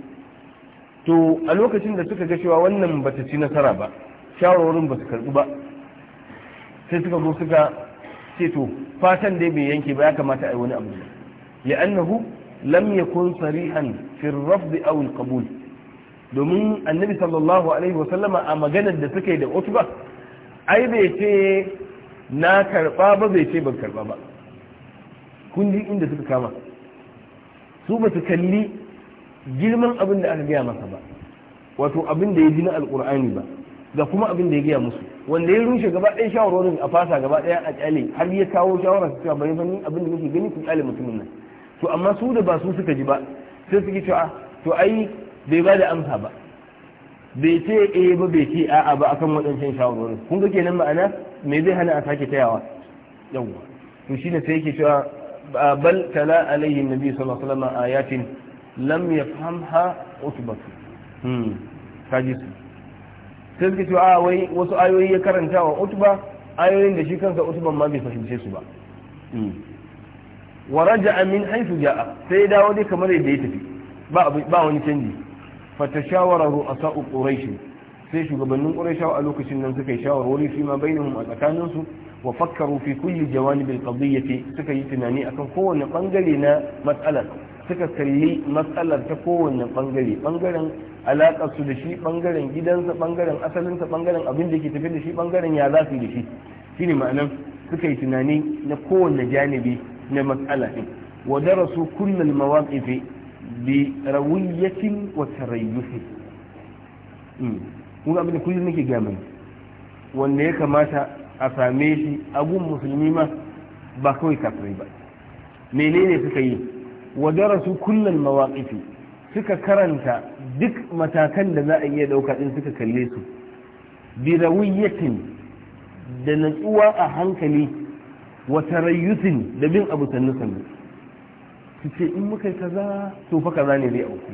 to a lokacin da suka ga cewa wannan bata ci nasara ba shawarwarin ba su karɓi ba sai suka zo suka ce to fatan dai bai yanke ba ya kamata a yi wani abu annahu lam yakun sarihan fi rafd aw al-qabul domin annabi sallallahu alaihi wasallama a maganar da suke da utba ai bai ce na karba ba bai ce ban karba ba kun ji inda suka kama su ba su kalli girman abin da aka gaya masa ba wato abin da ya ji na alkur'ani ba ga kuma abin da ya gaya musu wanda ya rushe gaba ɗaya shawarwarin a fasa gaba ɗaya a kyale har ya kawo shawara su cewa bari fanni abin da muke gani ku kyale mutumin nan to amma su da ba su suka ji ba sai suke cewa to ai bai ba da amsa ba bai ce eh ba bai ce a'a ba akan waɗancan shawarwarin kun ga kenan ma'ana me zai hana a sake tayawa yawwa to shine sai yake cewa bal tala alaihi nabi sallallahu alaihi wasallam ayatin lam yafhamha utbatu hmm kaji su sai suka cewa a wai wasu ayoyi ya karanta wa utba ayoyin da shi kansa utban ma bai fahimce su ba hmm. wa raja'a min haythu ja'a sai dawo dai kamar yadda ya tafi ba wani canji Fata fatashawarahu asa'u quraish sai shugabannin quraishawa a lokacin nan suka yi shawarwari fi ma bainahum a tsakanin su wa fakkaru fi kulli jawanib alqadiyyati suka yi tunani akan kowanne bangare na matsalar suka kalli matsalar ta kowanne bangare bangaren alaƙar su da shi bangaren gidansa bangaren asalinsa bangaren abin da ke tafi da shi bangaren ya za su yi da shi shine ma'anan suka yi tunani na kowanne janibi na matsala din wa darasu kullal mawaqifi bi rawiyatin wa tarayyufi kun abin da kullum nake ga mai wanda ya kamata a same shi abu musulmi ba kawai kafirai ba menene suka yi wa darasu kullal mawaqifi suka karanta duk matakan da za a iya ɗauka din suka kalle su bi rawiyatin da natsuwa a hankali wa tarayyutin da bin abu sannu sannu su ce in muka yi kaza to fa kaza ne zai auku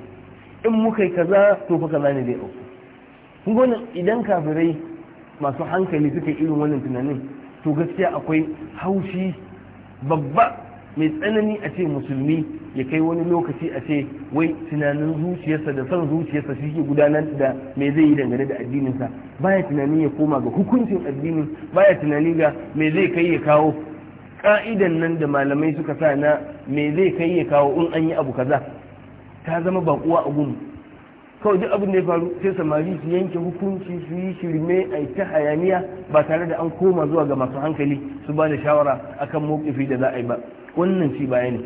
in muka yi kaza to fa kaza ne zai auku kun idan kafirai masu hankali suka irin wannan tunanin to gaskiya akwai haushi babba mai tsanani a ce musulmi ya kai wani lokaci a ce wai tunanin zuciyarsa da son zuciyarsa shi ke gudanar da me zai yi dangane da addininsa baya tunanin ya koma ga hukuncin addinin baya tunani ga me zai kai ya kawo ka'idan nan da malamai suka sa na me zai kai ya kawo in an yi abu kaza ta zama bakuwa a gumu kawai duk abin da ya faru sai samari su yanke hukunci su yi shirme a ta hayaniya ba tare da an koma zuwa ga masu hankali su ba da shawara akan mokifi da za a yi ba wannan shi baya ne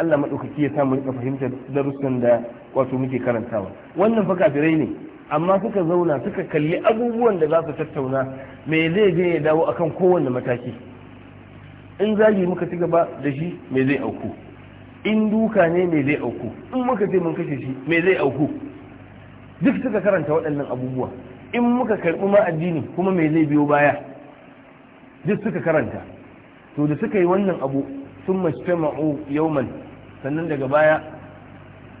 Allah maɗaukaki ya samu rika fahimtar darussan da wato muke karantawa wannan fa kafirai ne amma suka zauna suka kalli abubuwan da za su tattauna me zai je ya dawo akan kowanne mataki in zagi muka ci gaba da shi me zai auku in duka ne me zai auku in muka ce mun kashe shi me zai auku duk suka karanta waɗannan abubuwa in muka karɓi ma addini kuma me zai biyo baya duk suka karanta to da suka yi wannan abu sun yau yauman sannan daga baya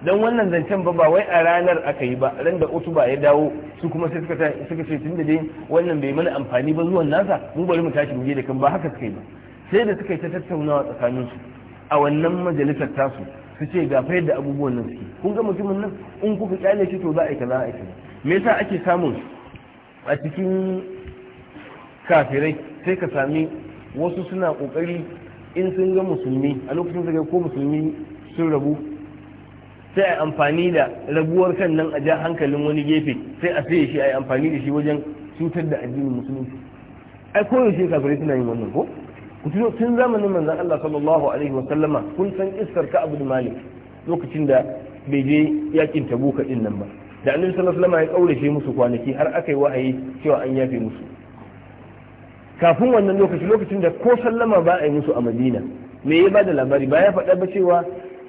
don wannan zancen ba wai a ranar aka yi ba ran da utuba ya dawo su kuma sai suka ce tun da dai wannan bai mana amfani ba zuwan nasa mu bari mu tashi mu je da kan ba haka suka yi ba sai da suka yi ta tattaunawa tsakaninsu a wannan majalisar tasu su ce ga fayar da abubuwan nan suke kun ga mutumin nan in kuka kyale shi to za a yi kaza a yi kaza me yasa ake samun a cikin kafirai sai ka sami wasu suna kokari in sun ga musulmi a lokacin da ko musulmi sun rabu sai a amfani da rabuwar kan nan a ja hankalin wani gefe sai a sai shi a yi amfani da shi wajen cutar da addinin musulunci ai koyaushe kafirai suna yin wannan ko ku tuno tun zamanin manzon Allah sallallahu alaihi wa sallama kun san iskar ka Abu Malik lokacin da bai je yakin Tabuka din nan ba da Annabi sallallahu alaihi wa sallama ya kaurace musu kwanaki har aka yi wahayi cewa an yafe musu kafin wannan lokaci lokacin da ko sallama ba a yi musu a Madina me ya bada labari ba ya faɗa ba cewa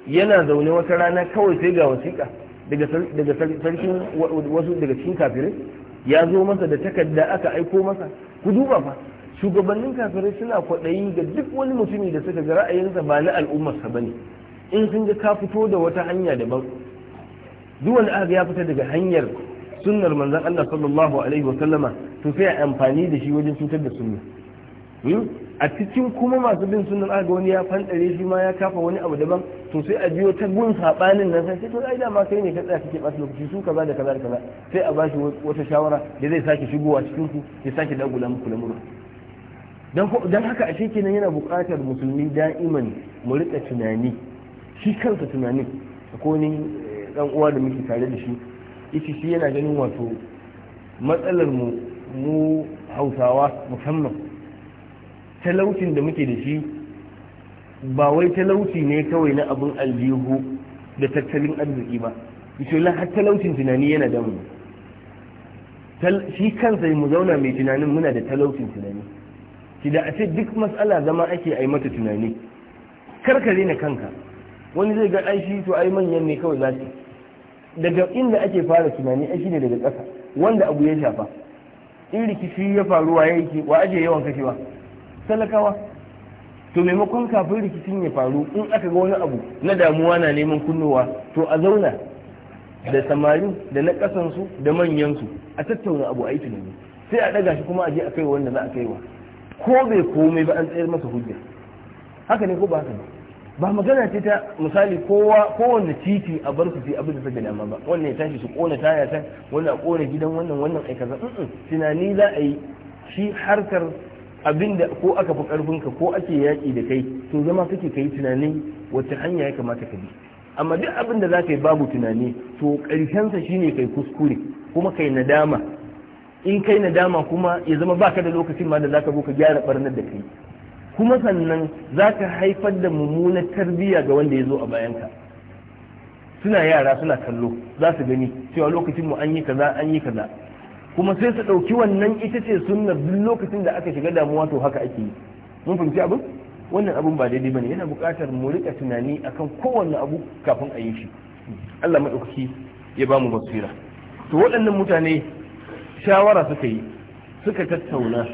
yana zaune wata rana kawai sai ga wasiƙa daga sarkin wasu daga cikin kafirai ya zo masa da takarda aka aiko masa ku duba fa shugabannin kafirai suna kwaɗayi ga duk wani mutumi da suka ga ra'ayinsa ba na al'ummarsa ba ne in sun ga ka fito da wata hanya daban duk wani aka ya fita daga hanyar sunnar manzon Allah sallallahu alaihi wa sallama to sai a amfani da shi wajen cutar da sunna hmm? a cikin kuma masu bin sunnar aka wani ya fantsare shi ma ya kafa wani abu daban to sai a biyo ta gun sabanin nan sai to ai dama kai ne ka tsaya kake ɓata lokaci su kaza da kaza da kaza sai a ba shi wata shawara da zai sake shigowa cikin ku ya sake dagula muku lamuru don haka a kenan yana buƙatar musulmi da'iman mu rika tunani shi kansa tunanin ko ni dan uwa da muke tare da shi yace shi yana ganin wato matsalar mu mu hausawa musamman talaucin da muke da shi ba wai talauci ne kawai na abin aljihu da tattalin arziki ba yace la har talaucin tunani yana damu shi kansa mu zauna mai tunanin muna da talaucin tunani ki da a ce duk matsala zama ake a yi mata tunani karkare na kanka wani zai ga aishi to yi manyan ne kawai za daga inda ake fara tunani shi ne daga ƙasa wanda abu ya shafa in rikici ya faru wa yake wa ake yawan kashewa talakawa to maimakon kafin rikicin ya faru in aka ga wani abu na damuwa na neman kunnowa to a zauna da samarin da na kasansu da manyansu a tattauna abu a yi tunani sai a ɗaga shi kuma a je a kai wanda za a kaiwa ko bai komai ba an tsayar masa hujja haka ne ko ba haka ba magana ce ta misali kowa kowanne titi a bar su abin da suka dama ba wannan ya tashi su kona taya ta wannan a kona gidan wannan wannan ai kaza tunani za a yi shi harkar abin da ko aka fi karfinka ko ake yaki da kai to zama kake kai tunani wacce hanya ya kamata ka bi amma duk abin da za ka yi babu tunani to sa shine kai kuskure kuma kai nadama in kai nadama kuma ya zama baka da lokacin ma da zaka zo ka gyara barnar da kai kuma sannan za ka haifar da mummunar tarbiyya ga wanda ya zo a bayanka suna yara suna kallo za su gani cewa lokacin mu an yi kaza an yi kaza kuma sai su ɗauki wannan ita ce sunna duk lokacin da aka shiga damuwa to haka ake yi mun fahimci abin wannan abin ba daidai bane yana buƙatar mu rika tunani akan kowanne abu kafin a yi shi Allah madaukaki ya ba mu basira to waɗannan mutane shawara suka yi suka tattauna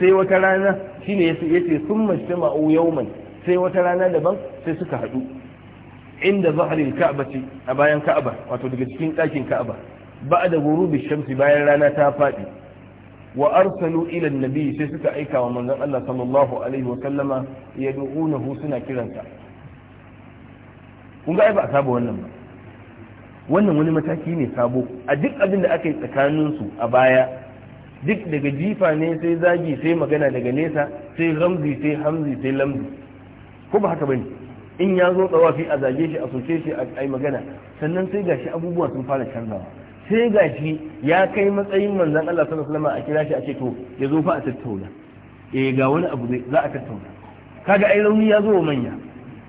sai wata rana shine ce sun majtama yauman sai wata rana daban sai suka haɗu inda ka'aba ce a bayan ka'aba wato daga cikin ɗakin ka'aba da ghurubi shamsi bayan rana ta faɗi wa arsalu ila annabi sai suka aika wa manzon Allah sallallahu alaihi wa sallama yad'unahu suna kiransa kun ga ai ba a saba wannan ba wannan wani mataki ne sabo a duk abin da aka yi tsakaninsu a baya duk daga jifa ne sai zagi sai magana daga nesa sai ramzi sai hamzi sai lamzi ko ba haka bane in ya zo tsawafi a zage shi a soke shi a yi magana sannan sai gashi abubuwa sun fara canzawa sai gashi ya kai matsayin manzan Allah sallallahu alaihi wasallam a kira shi a ce to ya zo fa a tattauna eh ga wani abu za a tattauna kaga ai rauni ya zo wa manya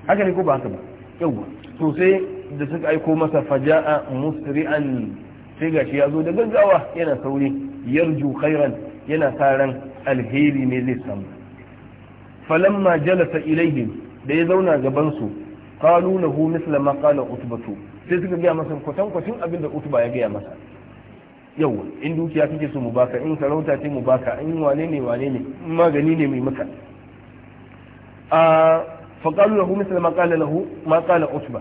haka ne ko ba haka ba yauwa to sai da suka aiko masa faja'a musri'an sai gashi ya zo da gaggawa yana sauri yarju khairan yana karan alheri ne zai samu falamma jalasa ilaihim da ya zauna gaban su qalu lahu misla ma qala utbatu sai suka gaya masa kwatan kwatin abin da utba ya gaya masa yau in dukiya kike so mu baka in sarauta ce mu baka in wane ne wane ne magani ne mai maka a faqalu lahu misla ma qala lahu ma qala utba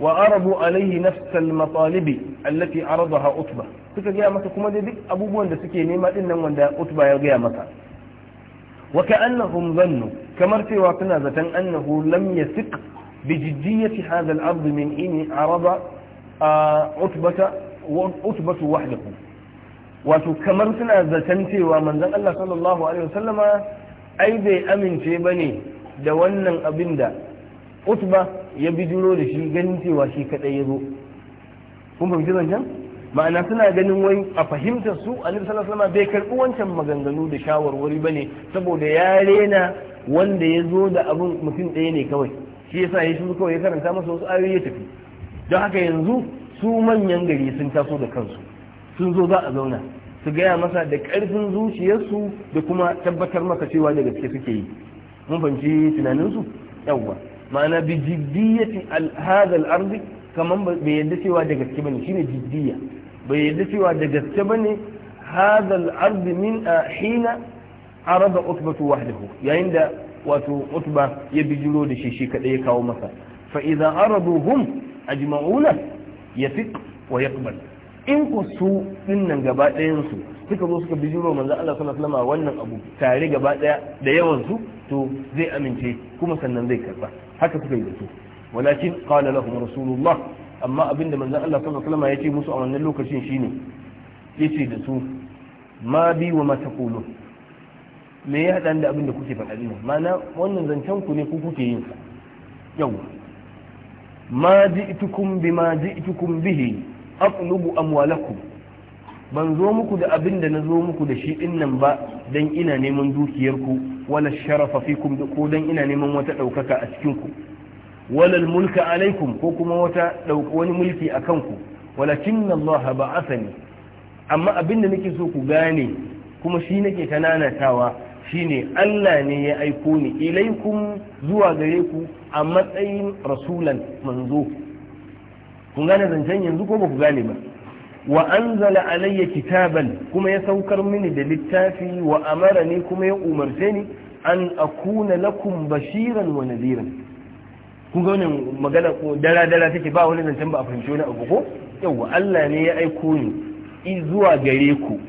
وعرضوا عليه نفس المطالب التي عرضها عتبة suka gaya masa kuma dai duk abubuwan da suke nema din nan wanda utba ya gaya masa wa ka'annahum zannu kamar cewa suna zaton annahu lam yasiq bi jiddiyati hadha al-ard min in arada utbata wa utbatu wahdahu wato kamar suna zaton cewa manzon Allah sallallahu alaihi wasallama ai bai amince bane da wannan abin da utba ya bi bijiro da shi ganin cewa shi kadai ya zo kun fahimci zancen ma'ana suna ganin wai a fahimtar su annabi sallallahu alaihi bai karbi wancan maganganu da shawarwari bane saboda ya rena wanda ya zo da abun mutum ɗaya ne kawai shi yasa ya shiru kawai ya karanta masa wasu ayoyi ya tafi don haka yanzu su manyan gari sun taso da kansu sun zo za a zauna su gaya masa da ƙarfin zuciyarsu da kuma tabbatar maka cewa da gaske suke yi mun fahimci tunaninsu yawwa ma'ana bi jiddiyati hadal al-ard kaman bai yadda cewa da gaske bane shine jiddiya bai yadda cewa da gaske bane hadal al-ard min hina arada utbatu wahdahu yayin da wato utba ya bijiro da shi shi kadai ya kawo masa fa idza araduhum ajma'una yafiq wa yaqbal in ku su dinnan gaba ɗayan su suka zo suka bijiro manzo Allah sallallahu alaihi wasallam wannan abu tare gaba ɗaya da yawan su to zai amince kuma sannan zai karba haka suka yi da su walakin qala lahum rasulullah amma abinda manzon Allah sallallahu alaihi wasallam ya ce musu a wannan lokacin shine yace da su ma bi wa ma taqulun me ya haɗa da abinda kuke faɗa din ma'ana wannan zancen ku ne ku kuke yin sa yau ma ji'tukum bima ji'tukum bihi aqlubu amwalakum ban zo muku da abin da na zo muku da shi dinnan ba dan ina neman dukiyarku wala sharafa ko dan ina neman wata ɗaukaka a cikin ku wala mulka alaikum ko kuma wata wani mulki a kanku walakin Allah ba'athani amma abin da nake so ku gane kuma shi nake kananatawa shine Allah ne ya aiko ni ilaikum zuwa gare ku a matsayin rasulan manzo kun gane zancen yanzu ko ba ku gane ba wa anzala alayya kitaban kuma ya saukar mini da littafi wa amara amarani kuma ya umarce ni an akuna lakum bashiran wa nadiran kun ga wannan magana ko dara dara take ba wani zancen ba a fahimci wani abu ko yawa Allah ne ya aiko ni i zuwa gare ku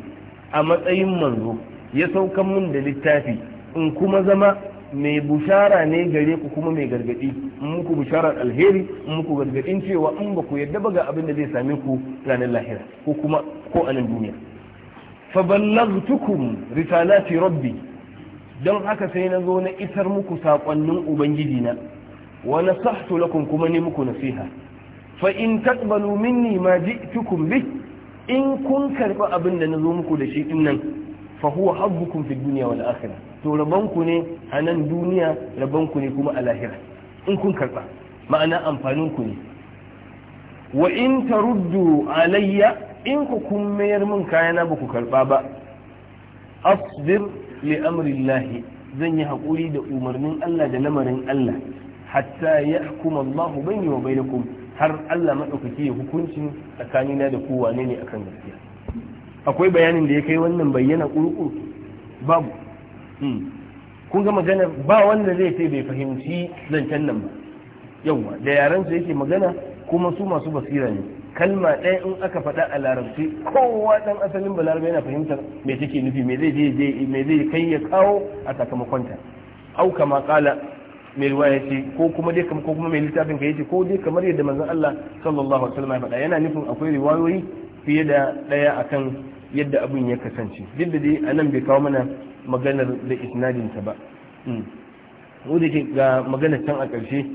a matsayin manzo ya saukar mini da littafi in kuma zama mai bushara ne gare ku kuma mai gargadi in muku bushara alheri in muku gargadin cewa in ba ku yadda ba ga abin da zai same ku ranar lahira ko kuma ko a nan duniya fa ballaghtukum risalati rabbi don haka sai na zo na isar muku sakonnin ubangiji na wa nasahtu lakum kuma ni muku nasiha fa in taqbalu minni ma ji'tukum bi, in kun karba abin da na zo muku da shi din nan fa huwa habbukum fi dunya wal akhirah to rabanku ne a nan duniya rabanku ne kuma a in kun karba ma'ana amfanin ku ne wa in taruddu alayya in ku kun mayar min kayana ba ku karba ba asbir li amrillahi zan yi haƙuri da umarnin Allah da lamarin Allah hatta ya hukuma Allah bayni wa bainakum har Allah madaukaki ya hukuncin tsakanina da kowa ne akan gaskiya akwai bayanin da ya kai wannan bayyana ƙurƙur babu hmm. kun ga magana ba wanda zai ce bai fahimci zancen nan ba yawwa da yarensu yake magana kuma su masu basira ne kalma ɗaya in aka faɗa a larabci kowa ɗan asalin balarabe yana fahimtar me take nufi me zai me zai kai ya kawo a sakamakonta au kama kala mai ruwa ya ce ko kuma dai ko kuma mai littafin ka ya ce ko dai kamar yadda manzon Allah sallallahu alaihi wasallam ya faɗa yana nufin akwai riwayoyi fiye da ɗaya akan yadda abin ya kasance duk da dai a nan bai kawo mana maganar da isnadinta ba wadda hmm. ke ga maganar can a ƙarshe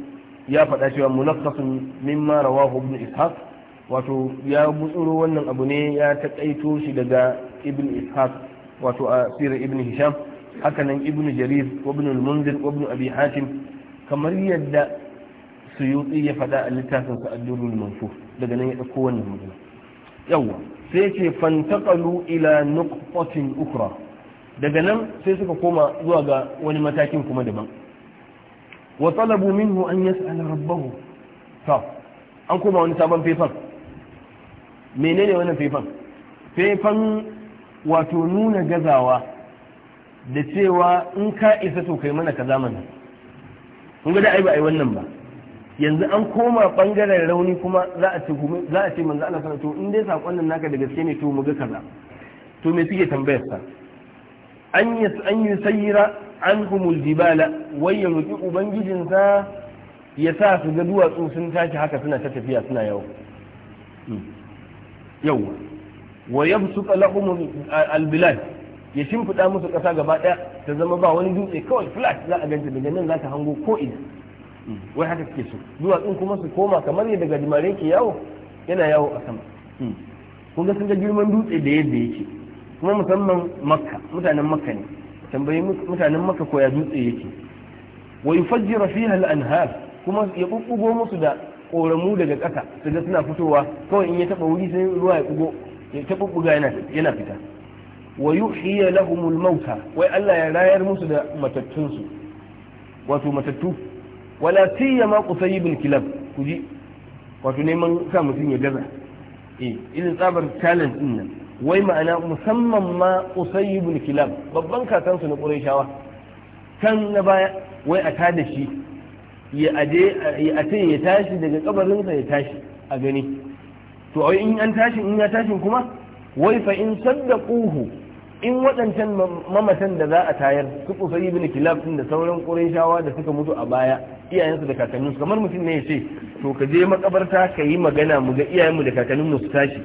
ya faɗa cewa munakkasun mimma rawahu ibn ishaq wato ya gutsuro wannan abu ne ya taƙaito shi daga ibn ishaq wato a sirar ibn hisham hakanan ibn jarir ibn al-munzir ibn abi hatim kamar yadda suyuti ya faɗa a littafin sa ad-durrul daga nan ya ɗauko wannan magana yawwa sai ce fantakalu ila nuqtatin ukra daga nan sai suka koma zuwa ga wani matakin kuma daban wa talabu minhu an yas'ala rabbahu ta an koma wani sabon faifan menene wannan faifan faifan wato nuna gazawa da cewa in ka isa to kai mana ka zamani kun ga da ai ba ai wannan ba yanzu an koma bangaren rauni kuma za a ce za a ce manzo Allah to in dai sakon nan naka da gaske ne to mu ga kaza to me suke tambayar sa an yi an an anhumul jibala wai ya roki ubangijin sa ya sa su ga duwatsu sun tashi haka suna ta tafiya suna yawo hmm. yawa wa yabsuqa lahum albilad ya shimfida musu kasa gaba daya ta zama ba wani dutse kawai flat za a ganta daga nan za ta hango ko ina wai haka suke so duwatsun kuma su koma kamar yadda jimare ke yawo yana yawo a sama hmm. kun ga sun ga girman dutse da yadda yake kuma musamman makka mutanen makka ne tambayi mutanen makka koya dutse yake wa yufajjira fiha al-anhar kuma ya bubbugo musu da koramu daga ƙasa su ga suna fitowa kawai in ya taba wuri sai ruwa ya bugo ya ta bubbuga yana yana fita wa yuhyi lahumul mauta wai Allah ya rayar musu da matattun su wato matattu wala ma siyama qusayibul kilab kuji wato neman sa mutum ya gaza eh irin tsabar talent din nan wai ma'ana musamman ma ku qusayibul kilab babban kakansu na qurayshawa kan na baya wai a tada shi ya aje ya ate ya tashi daga kabarin sa ya tashi a gani to in an tashi in ya tashin kuma wai fa in saddaquhu in waɗancan mamatan da za a tayar su kusa bin kilab din da sauran shawa da suka mutu a baya iyayensu da kakanninsu kamar mutum ne ya ce to ka je makabarta ka yi magana mu ga iyayenmu da kakanninmu su tashi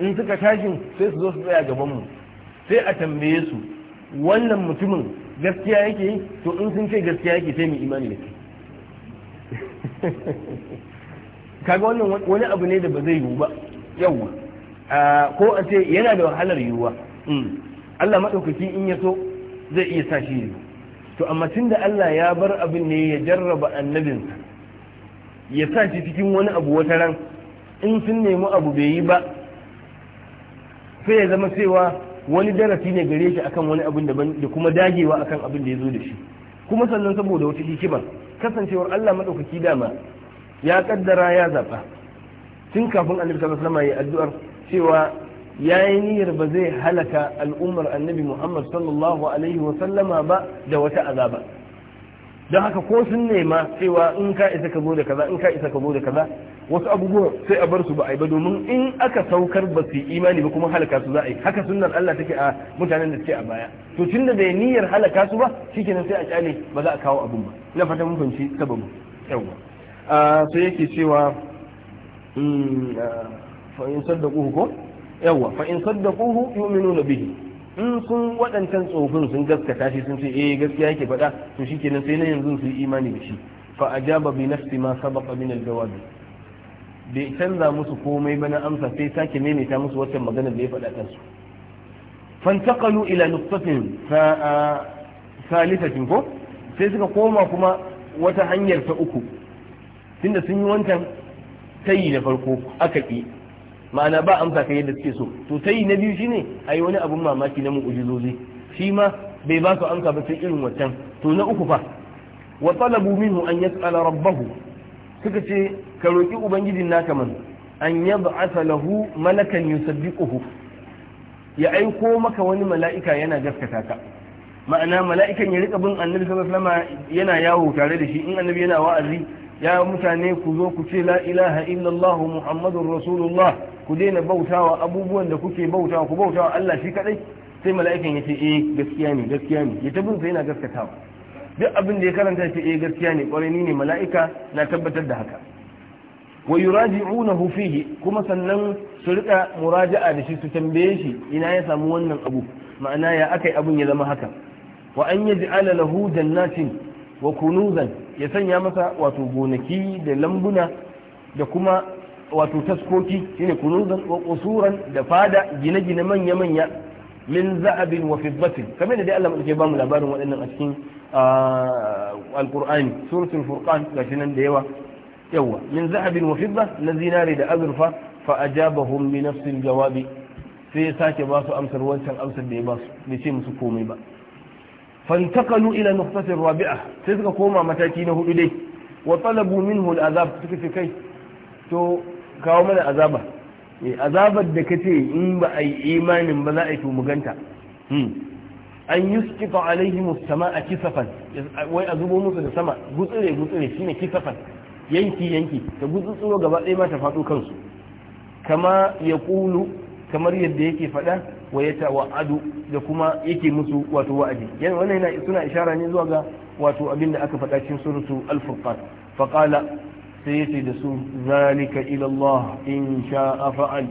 in suka tashin sai su zo su tsaya gaban mu sai a tambaye su wannan mutumin gaskiya yake to in sun ce gaskiya yake sai mu imani da kaga wannan wani abu ne da ba zai yiwu ba yawwa ah, ko a ce yana da wahalar yiwuwa hmm. Allah maɗaukaki in ya so zai iya sa shi ne to amma tun da Allah ya bar abin ne ya jarraba annabinsa ya sa cikin wani abu wata ran in sun nemi abu bai yi ba sai ya zama cewa wani darasi ne gare shi akan wani abin daban da kuma dagewa akan abin da ya zo da shi kuma sannan saboda wata hikima kasancewar Allah maɗaukaki dama ya kaddara ya zaɓa tun kafin annabi sallallahu alaihi wasallam ya addu'ar cewa ya yi niyyar ba zai halaka al'ummar annabi muhammad sallallahu alaihi wasallama ba da wata azaba don haka ko sun nema cewa in ka isa ka zo da kaza in ka isa ka zo da kaza wasu abubuwan sai a bar su ba a yi ba domin in aka saukar ba su imani ba kuma halaka su za a yi haka sunan Allah take a mutanen da suke a baya to tunda da niyyar halaka su ba shikenan sai a kyale ba za a kawo abun ba ina fata mun fahimci sababu yawa ah, sai yake cewa mm, ah, fa in saddaquhu ko yawa fa in saddaquhu yu'minuna bihi in sun waɗancan tsofin sun gaskata shi sun ce eh gaskiya yake faɗa to shikenan sai na yanzu su yi imani da shi fa ajaba bi nafsi ma sabaqa min al-jawab bai canza musu komai ba na amsa sai sake maimaita musu wacce magana da ya faɗa kansu fantaqalu ila nuqtatin fa salisatin ko sai suka koma kuma wata hanyar ta uku tunda sun yi wancan tayi da farko aka ki ma'ana ba amsa kai yadda suke so to ta na biyu shine ayi wani abun mamaki na mu'ujizozi shi ma bai ba su amsa ba sai irin wancan to na uku fa wa talabu minhu an yas'ala rabbahu suka ce ka roki ubangijin naka man an yab'atha lahu malakan yusaddiquhu ya aiko maka wani mala'ika yana gaskata ka ma'ana mala'ikan ya rika bin annabi sallallahu alaihi wasallam yana yawo tare da shi in annabi yana wa'azi ya mutane ku zo ku ce la ilaha illallah muhammadur rasulullah ku daina bautawa abubuwan da kuke bautawa ku bautawa Allah shi kadai sai mala'ikan ya ce eh gaskiya ne gaskiya ne ya tabbata sai yana gaskatawa duk abin da ya karanta ce eh gaskiya ne kwarai ni ne mala'ika na tabbatar da haka wa yuraji'unahu fihi kuma sannan su rika muraja'a da shi su tambaye shi ina ya samu wannan abu ma'ana ya akai abun ya zama haka wa an yaj'ala lahu jannatin wa kunuzan ya sanya masa wato gonaki da lambuna da kuma wato taskoki shine kunuzan wa da fada gine-gine manya-manya min za'abin wa fiddatin kamar da dai Allah ke ba mu labarin waɗannan a cikin alqur'ani suratul furqan gashi nan da yawa yawa min za'abin wa fidda na zinari da azurfa fa ajabahum bi nafsil jawabi sai ya sake ba su amsar wancan amsar da ya ba su bai ce musu komai ba fantakalu ila nuqtatir rabi'a sai suka koma mataki na hudu dai wa talabu minhu al'azab suka ce kai to kawo mana azaba eh, azabar da kace in ba a yi imanin ba za a yi to muganta hmm. an yi sukifa alaihi mustama a kisafan wai a zubo musu da sama gutsire gutsire shine kisafan yanki yanki ta gutsuro gaba ɗaya ma ta faɗo kansu kama ya kulu kamar yadda yake faɗa wa ya wa'adu da kuma yake musu wato wa'adi yana wannan suna ishara ne zuwa ga wato abin da aka faɗa cikin suratu al-furqan faqala sai yace da su zalika ila Allah in sha'a fa'al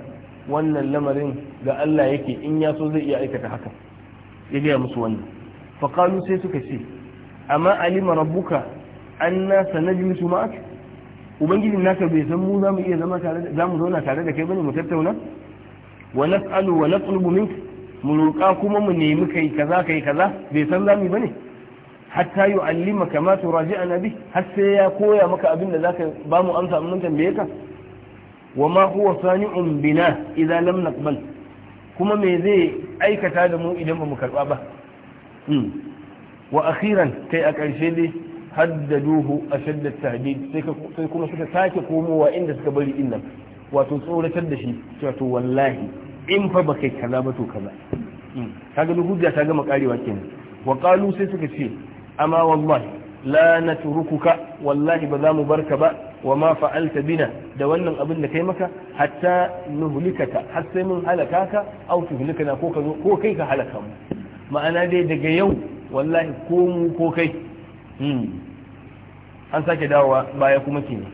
wannan lamarin ga Allah yake in ya so zai iya aikata haka ya gaya musu wannan fa qalu sai suka ce amma alima rabbuka anna sanajlisu ma'ak ubangijin naka bai san mu zamu iya zama tare da zamu zauna tare da kai bane mu tattauna wa nas'alu wa natlubu mink mu roƙa kuma mu nemi kai kaza kai kaza bai san zamu bane hatta yu'allima kama turaji'ana bi har sai ya koya maka abin da zaka ba mu amsa mun tambaye ka wa ma huwa sani'un bina idan lam naqbal kuma me zai aikata da mu idan ba mu karba ba wa akhiran kai a ƙarshe dai haddaduhu ashadda tahdid sai sai kuma suka sake komowa inda suka bari din nan wato tsoratar da shi wato wallahi in fa ba kaza ba to kaza hmm. kaga hujja ta gama karewa kenan wa qalu sai suka ce amma wallahi la natrukuka wallahi ba za mu barka ba wa ma fa'alta bina da wannan abin da kai maka hatta nuhlikaka har sai mun halaka ka aw tuhlikana ko ka ko kai ka halaka mu ma'ana dai daga yau wallahi ko mu ko kai hmm. an sake dawowa baya kuma ke ne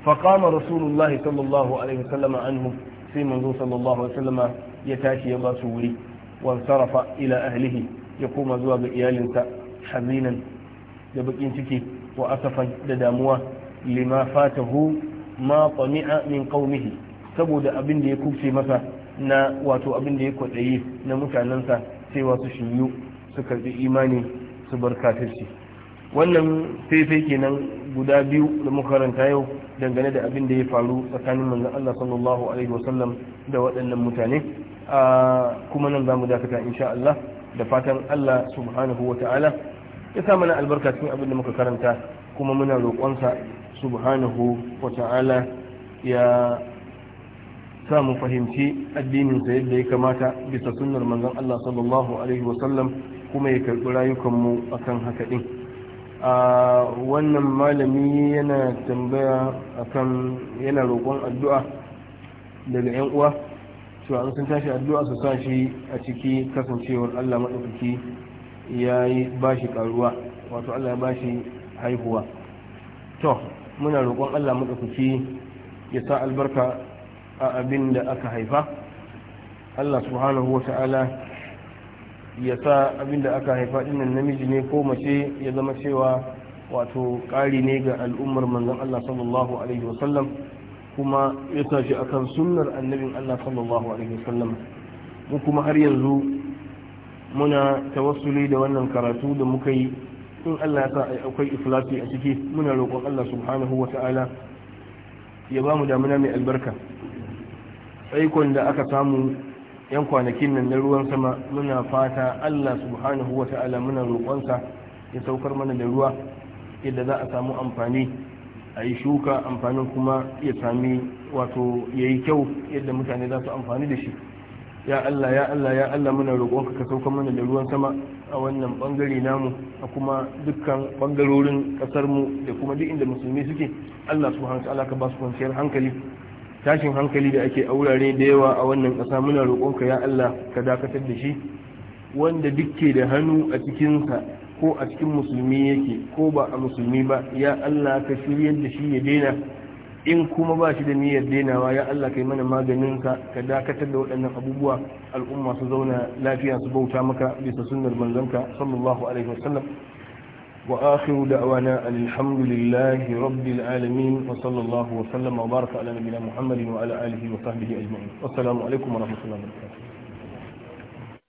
فقام رسول الله صلى الله عليه وسلم عنه ya tashi ya ba su wuri يتاشي يبا ila وانصرف ya koma zuwa زواب إيالنسا hazinan da bakin ciki wa da damuwa lima fatahu ma tami'a min qaumihi saboda abin da ya kufce masa na wato abin da ya kwadayi na mutanensa sai wasu shiyu su karbi imani su bar kafirci wannan fefe kenan guda biyu da muka karanta yau dangane da abin da ya faru tsakanin manzon Allah sallallahu alaihi wasallam da waɗannan mutane ah, kuma nan zamu dakata insha Allah da fatan Allah subhanahu wa ya sa mana albarka cikin abin da muka karanta kuma muna roƙonsa subhanahu wa ta'ala ya sa mu fahimci addininsa yadda ya kamata bisa sunnar manzon Allah sallallahu alaihi wa kuma ya karɓi rayukanmu akan haka din a wannan malami yana tambaya akan yana roƙon addu'a daga yan uwa cewa an sun tashi addu'a su sa shi a ciki kasancewar Allah maɗaukaki ya yi bashi karuwa wato Allah ya bashi haihuwa to muna roƙon Allah madaukaki ya sa albarka a abin da aka haifa Allah subhanahu ta'ala ya sa abin da aka haifa dinnan namiji ne ko mace ya zama cewa wato ƙari ne ga al'ummar manzon Allah sallallahu alaihi wasallam kuma ya sa shi akan sunnar annabin Allah sallallahu alaihi wasallam mu kuma har yanzu muna tawassuli da wannan karatu da muka yi in Allah ya sa akwai ikhlasi a ciki muna roƙon Allah subhanahu wa ta'ala ya ba mu damuna mai albarka Aikon da aka samu yan kwanakin nan na ruwan sama muna fata Allah subhanahu wa ta'ala muna roƙonsa ya saukar mana da ruwa yadda za a samu amfani a yi shuka amfanin kuma ya sami wato ya yi kyau yadda mutane za su amfani da shi ya Allah ya Allah ya Allah muna roƙonka ka sauka mana da ruwan sama a wannan bangare namu a kuma dukkan bangarorin kasar mu da kuma duk inda musulmi suke Allah subhanahu wataala ka ba su kwanciyar hankali tashin hankali da ake a wurare da yawa a wannan ƙasa muna roƙonka ya Allah ka dakatar da shi wanda dukke da hannu a cikinsa ko a cikin musulmi yake ko ba a musulmi ba ya Allah ka shiryar da shi ya daina in kuma ba shi da niyyar denawa ya Allah kai mana maganin ka ka dakatar da waɗannan abubuwa al'umma su zauna lafiya su bauta maka bisa sunnar manzanka sallallahu alaihi wasallam wa akhiru da'wana alhamdulillahi rabbil alamin wa sallallahu wa sallama wa baraka ala nabiyina muhammadin wa ala alihi wa sahbihi ajma'in assalamu alaikum wa rahmatullahi wa barakatuh